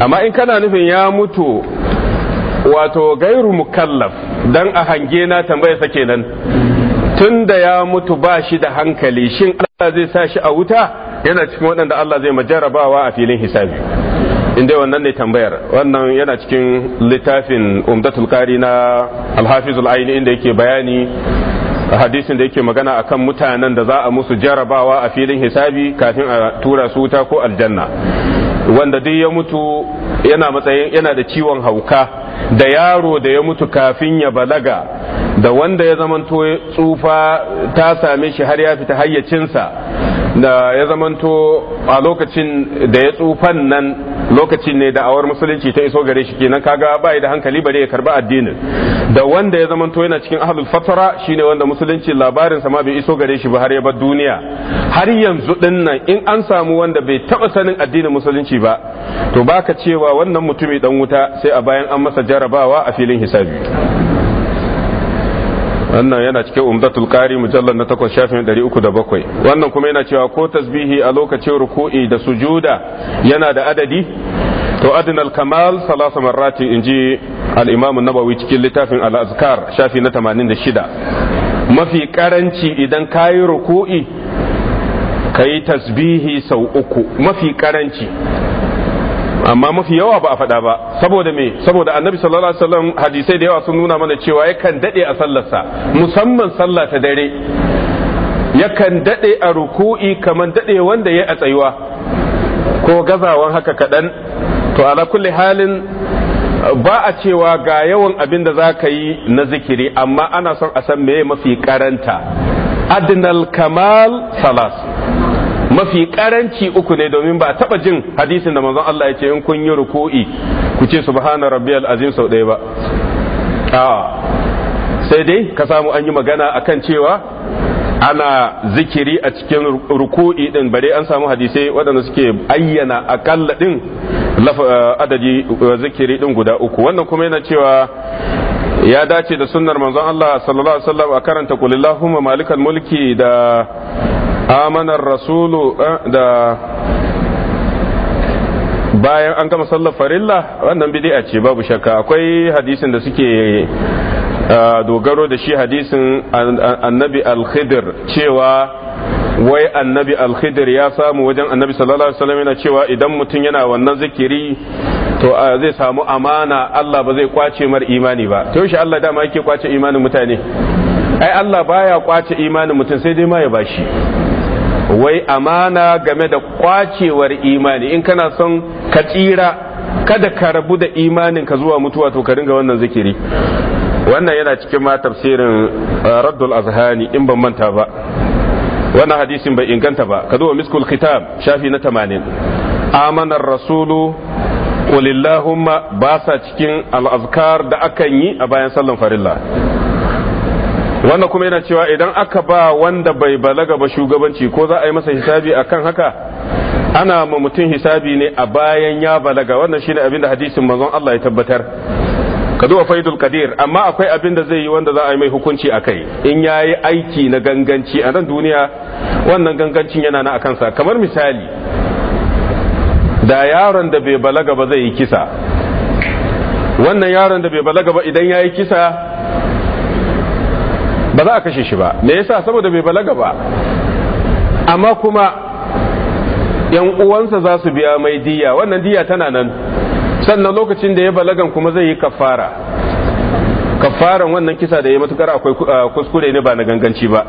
amma in kana nufin ya mutu wato gairu mukallaf dan a hange na tambaya sa kenan tun da ya mutu ba shi da hankali shin Allah zai sa shi a wuta yana cikin waɗanda Allah zai majarabawa a filin hisabi inda wannan ne tambayar wannan yana cikin littafin umdatul qari na alhafizul aini inda yake bayani hadisin da yake magana akan mutanen da za a musu jarabawa a filin hisabi kafin a tura su wuta ko aljanna wanda duk ya mutu yana matsayin yana da ciwon hauka da yaro da ya mutu kafin ya balaga da wanda ya zamanto tsufa ta same shi har ya fita hayyacinsa da ya zamanto a lokacin da ya tsufan nan lokacin ne da'awar musulunci ta iso gare shi kenan kaga ba da hankali bare ya karba addinin da wanda ya zamanto yana cikin ahlul fatara shine wanda musulunci labarin sa ma bai iso gare shi ba har ya bar duniya har yanzu din nan in an samu wanda bai taba sanin addinin musulunci ba to baka cewa wannan mutumi dan wuta sai a bayan an masa jarabawa a filin hisabi wannan yana cikin umdatul qari mujallal na takwas shafin 307 wannan kuma yana cewa ko tasbihi a lokacin ruku'i da sujuda yana da adadi to adnal kamal salasa marrati inji al-imam an cikin littafin al-azkar shafi na 86 mafi karanci idan kayi ruku'i kayi tasbihi sau uku mafi karanci amma mafi yawa ba a faɗa ba saboda me saboda annabi sallallahu alaihi wasallam hadisai da yawa sun nuna mana cewa yakan daɗe a sallarsa musamman sallah ta dare yakan daɗe a ruku'i kaman dade wanda ya a tsayuwa ko gazawan haka kaɗan to ala kulli halin ba a cewa ga yawan abin da za ka yi na zikiri amma ana son a san me mafi karanta adnal kamal salas mafi karanci uku ne domin ba taba jin hadisin da manzon Allah ya ce in kun yi ruku'i ku ce subhana rabbiyal azim sau ɗaya ba sai dai ka samu an yi magana akan cewa ana zikiri a cikin ruku'i din bare an samu hadisai waɗanda suke ayyana akalla din adadi uh, zikiri din guda uku wannan kuma yana cewa ya dace da sunnar manzon Allah sallallahu alaihi wasallam a karanta kulillahu malikal mulki da amanar rasulu da bayan an gama sallar farilla wannan bidi'a ce babu shakka akwai hadisin da suke dogaro da shi hadisin annabi al-khidr cewa wai annabi al-khidr ya samu wajen annabi sallallahu alaihi wasallam yana cewa idan mutum yana wannan zikiri to zai samu amana Allah ba zai kwace mar imani ba to shi Allah dama yake kwace imanin mutane ai Allah baya kwace imanin mutum sai dai ma ya bashi wai amana game da kwacewar imani in kana son ka tsira kada ka rabu da imanin ka zuwa mutuwa to ka ringa wannan zikiri wannan yana cikin ma tafsirin uh, raddul azhani in ban manta ba wannan hadisin bai inganta ba ka zuwa miskul kitab shafi na 80 amanar rasulu qulillahumma ba sa cikin al'azkar da akan yi a bayan sallan farilla wannan kuma yana cewa idan aka ba wanda bai balaga ba shugabanci ko za a yi masa hisabi akan haka ana ma mutum hisabi ne a bayan ya balaga wannan shine abin da hadisin manzon Allah ya tabbatar ka faidul qadir amma akwai abin da zai yi wanda za a yi mai hukunci a kai in ya yi aiki na ganganci a nan duniya wannan gangancin yana na akansa kamar misali da yaron da bai balaga ba zai yi kisa wannan yaron da bai balaga ba idan ya yi kisa ba za a kashe shi ba me yasa saboda bai balaga ba amma kuma yan uwansa za su biya mai diya wannan diya tana nan sannan lokacin da ya balagan kuma zai yi kafara kafaran wannan kisa da ya matukar akwai ah, kuskure ne ba na ganganci ba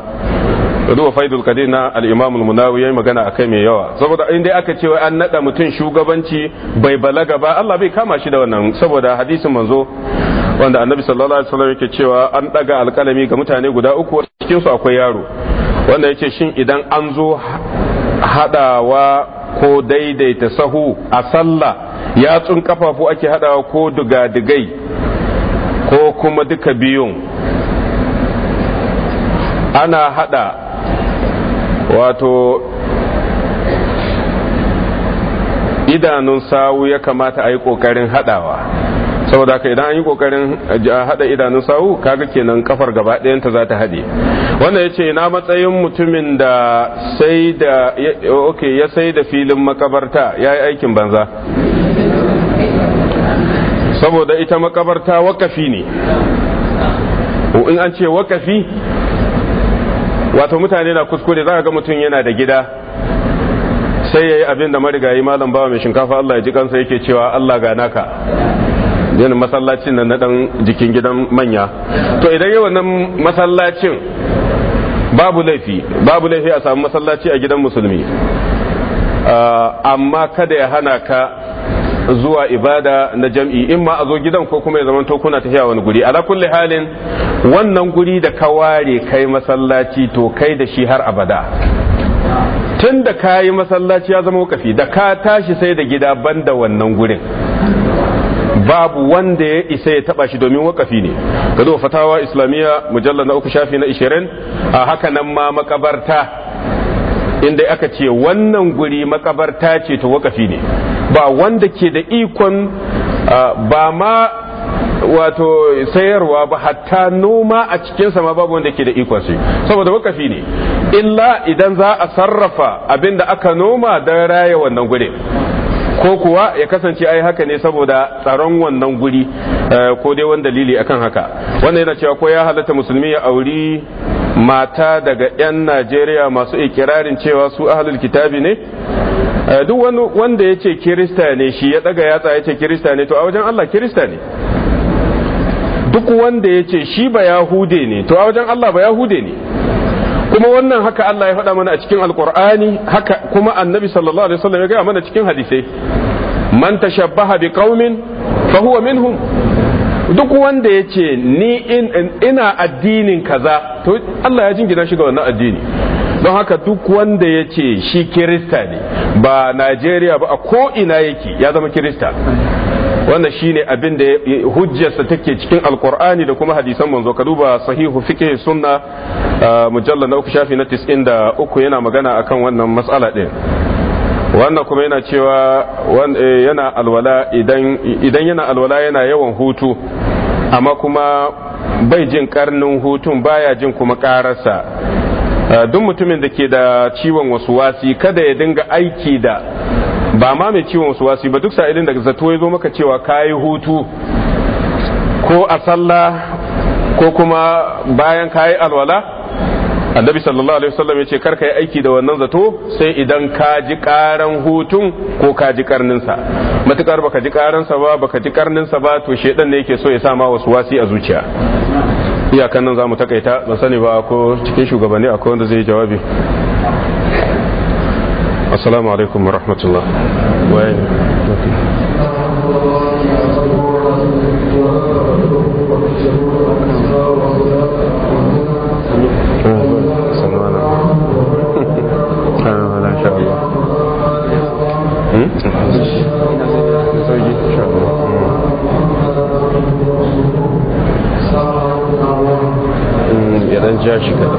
ruwa faidul kadir na al'imamul munawi ya yi magana a kai mai yawa saboda inda aka ce an naɗa mutum shugabanci bai balaga ba Allah bai kama shi da wannan saboda hadisin manzo wanda annabi sallallahu alaihi wasallam yake cewa an daga alkalami ga mutane guda uku cikin su akwai yaro wanda yace shin idan an zo hadawa ko daidaita sahu a sallah ya yatsun kafafu ake hadawa ko digadigai ko kuma duka biyun ana hada wato idanun sawu ya kamata a yi ƙoƙarin hadawa. saboda haka idan an yi kokarin eh, hada idanun sawu kaga kenan kafar gaba ɗayanta za ta hade wannan ya ce na matsayin mutumin da sai da okay ya sai da filin makabarta ya yi aikin banza saboda ita makabarta wakafi ne in an ce wakafi wato mutane na kuskure za ga mutum yana da gida sai ya yi abin da marigayi malam bawa mai shinkafa Allah ya ji kansa yake cewa Allah ga naka irin masallacin nan na dan jikin gidan manya to idan yawan nan masallacin babu laifi babu laifi a samu masallaci a gidan musulmi ah, amma kada ya hana ka zuwa ibada na jam'i in ma a zo gidan ko kuma ya zama to kuna tafiya wani guri ala kulli halin wannan guri da ka ware kai masallaci to kai da shi har abada tun da ka yi masallaci ya zama wakafi da ka tashi sai da gida banda wannan gurin babu wanda ya isa ya taba shi domin wakafi ne ga zo fatawa islamiyya mujallar na uku shafi na 20 a haka nan ma makabarta inda aka ce wannan guri makabarta ce ta wakafi ne ba wanda ke da ikon ba ma wato sayarwa ba hatta noma a cikinsa ma babu wanda ke da ikon shi saboda wakafi ne illa idan za a sarrafa abinda aka noma don raya wannan gudun ko kuwa ya kasance ai haka ne saboda tsaron wannan guri eh, ko dai wani dalili akan haka wannan yana cewa ko ya halatta musulmi ya auri mata daga 'yan najeriya masu ikirarin cewa su ahlul kitabi ne eh, duk wanda ya ce kirista ne shi ya daga yatsa ya ce kirista ne to a wajen allah kirista ne duk wanda ya ce shi ba yahude ne to a wajen allah ba yahude ne kuma wannan haka Allah ya faɗa mana a cikin alkur'ani haka kuma annabi sallallahu alaihi wasallam ya gaya mana cikin hadisai man tashabbaha bi qaumin fa huwa minhum duk wanda ya ce ni ina addinin kaza to Allah ya jingina shi ga wannan addini don haka duk wanda ya ce shi kirista ne ba Najeriya ba a ko ina yake ya zama kirista wannan shine abin da hujjarsa take cikin alkur'ani da kuma hadisan manzo ka duba sahihu fiqh sunna uh, mujallal na uku shafi na 93 yana magana akan wannan matsala din wannan kuma yana cewa eh, yana alwala idan yana alwala yana yawan hutu amma kuma bai jin karnin hutun baya jin kuma kararsa uh, duk mutumin da ke da ciwon wasu wasi kada ya dinga aiki da ba ma mai ciwon suwasi ba duk sa'ilin da zato ya zo maka cewa kayi hutu ko a sallah ko kuma bayan kayi alwala annabi sallallahu alaihi wasallam ya ce kar ka yi aiki da wannan zato sai idan ka ji karan hutun ko ka ji karninsa matukar baka ji karansa ba baka ji karninsa ba to shedan ne yake so ya sa ma wasi a zuciya iyakan nan zamu takaita ban sani ba ko cikin shugabanni akwai wanda zai jawabi السلام عليكم ورحمة الله hmm, يا رجال شكرا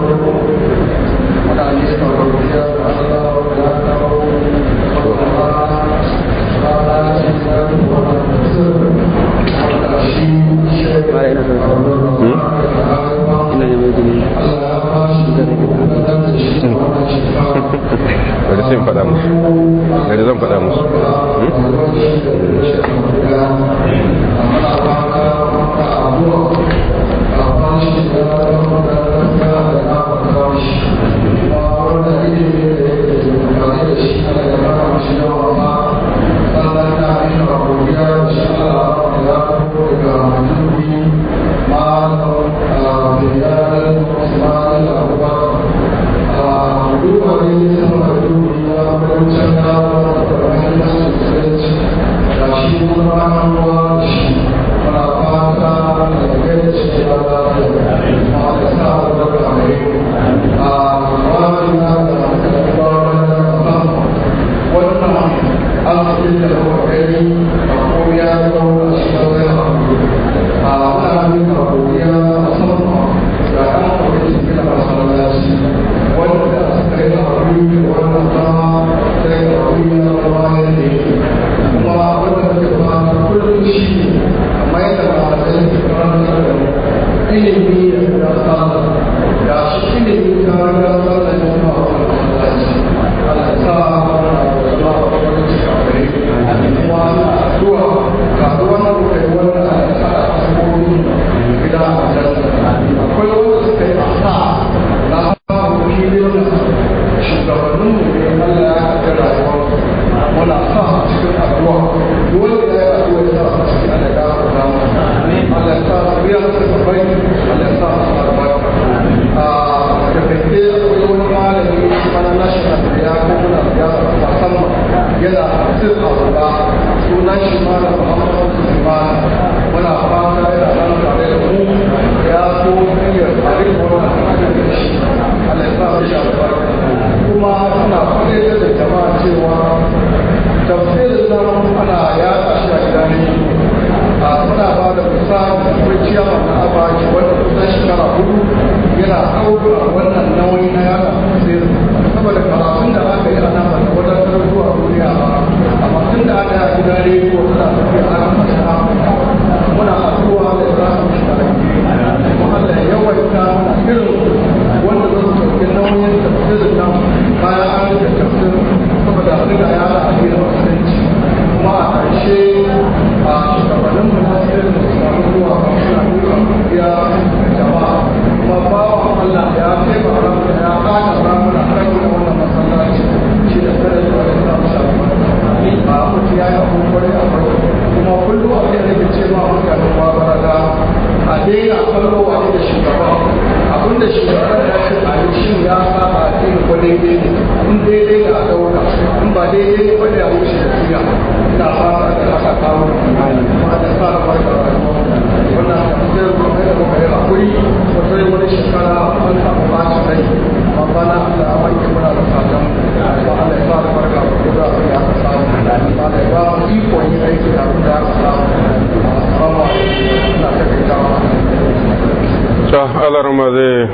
رمضان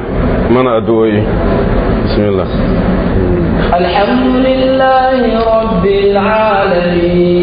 من أدوي بسم الله الحمد لله رب العالمين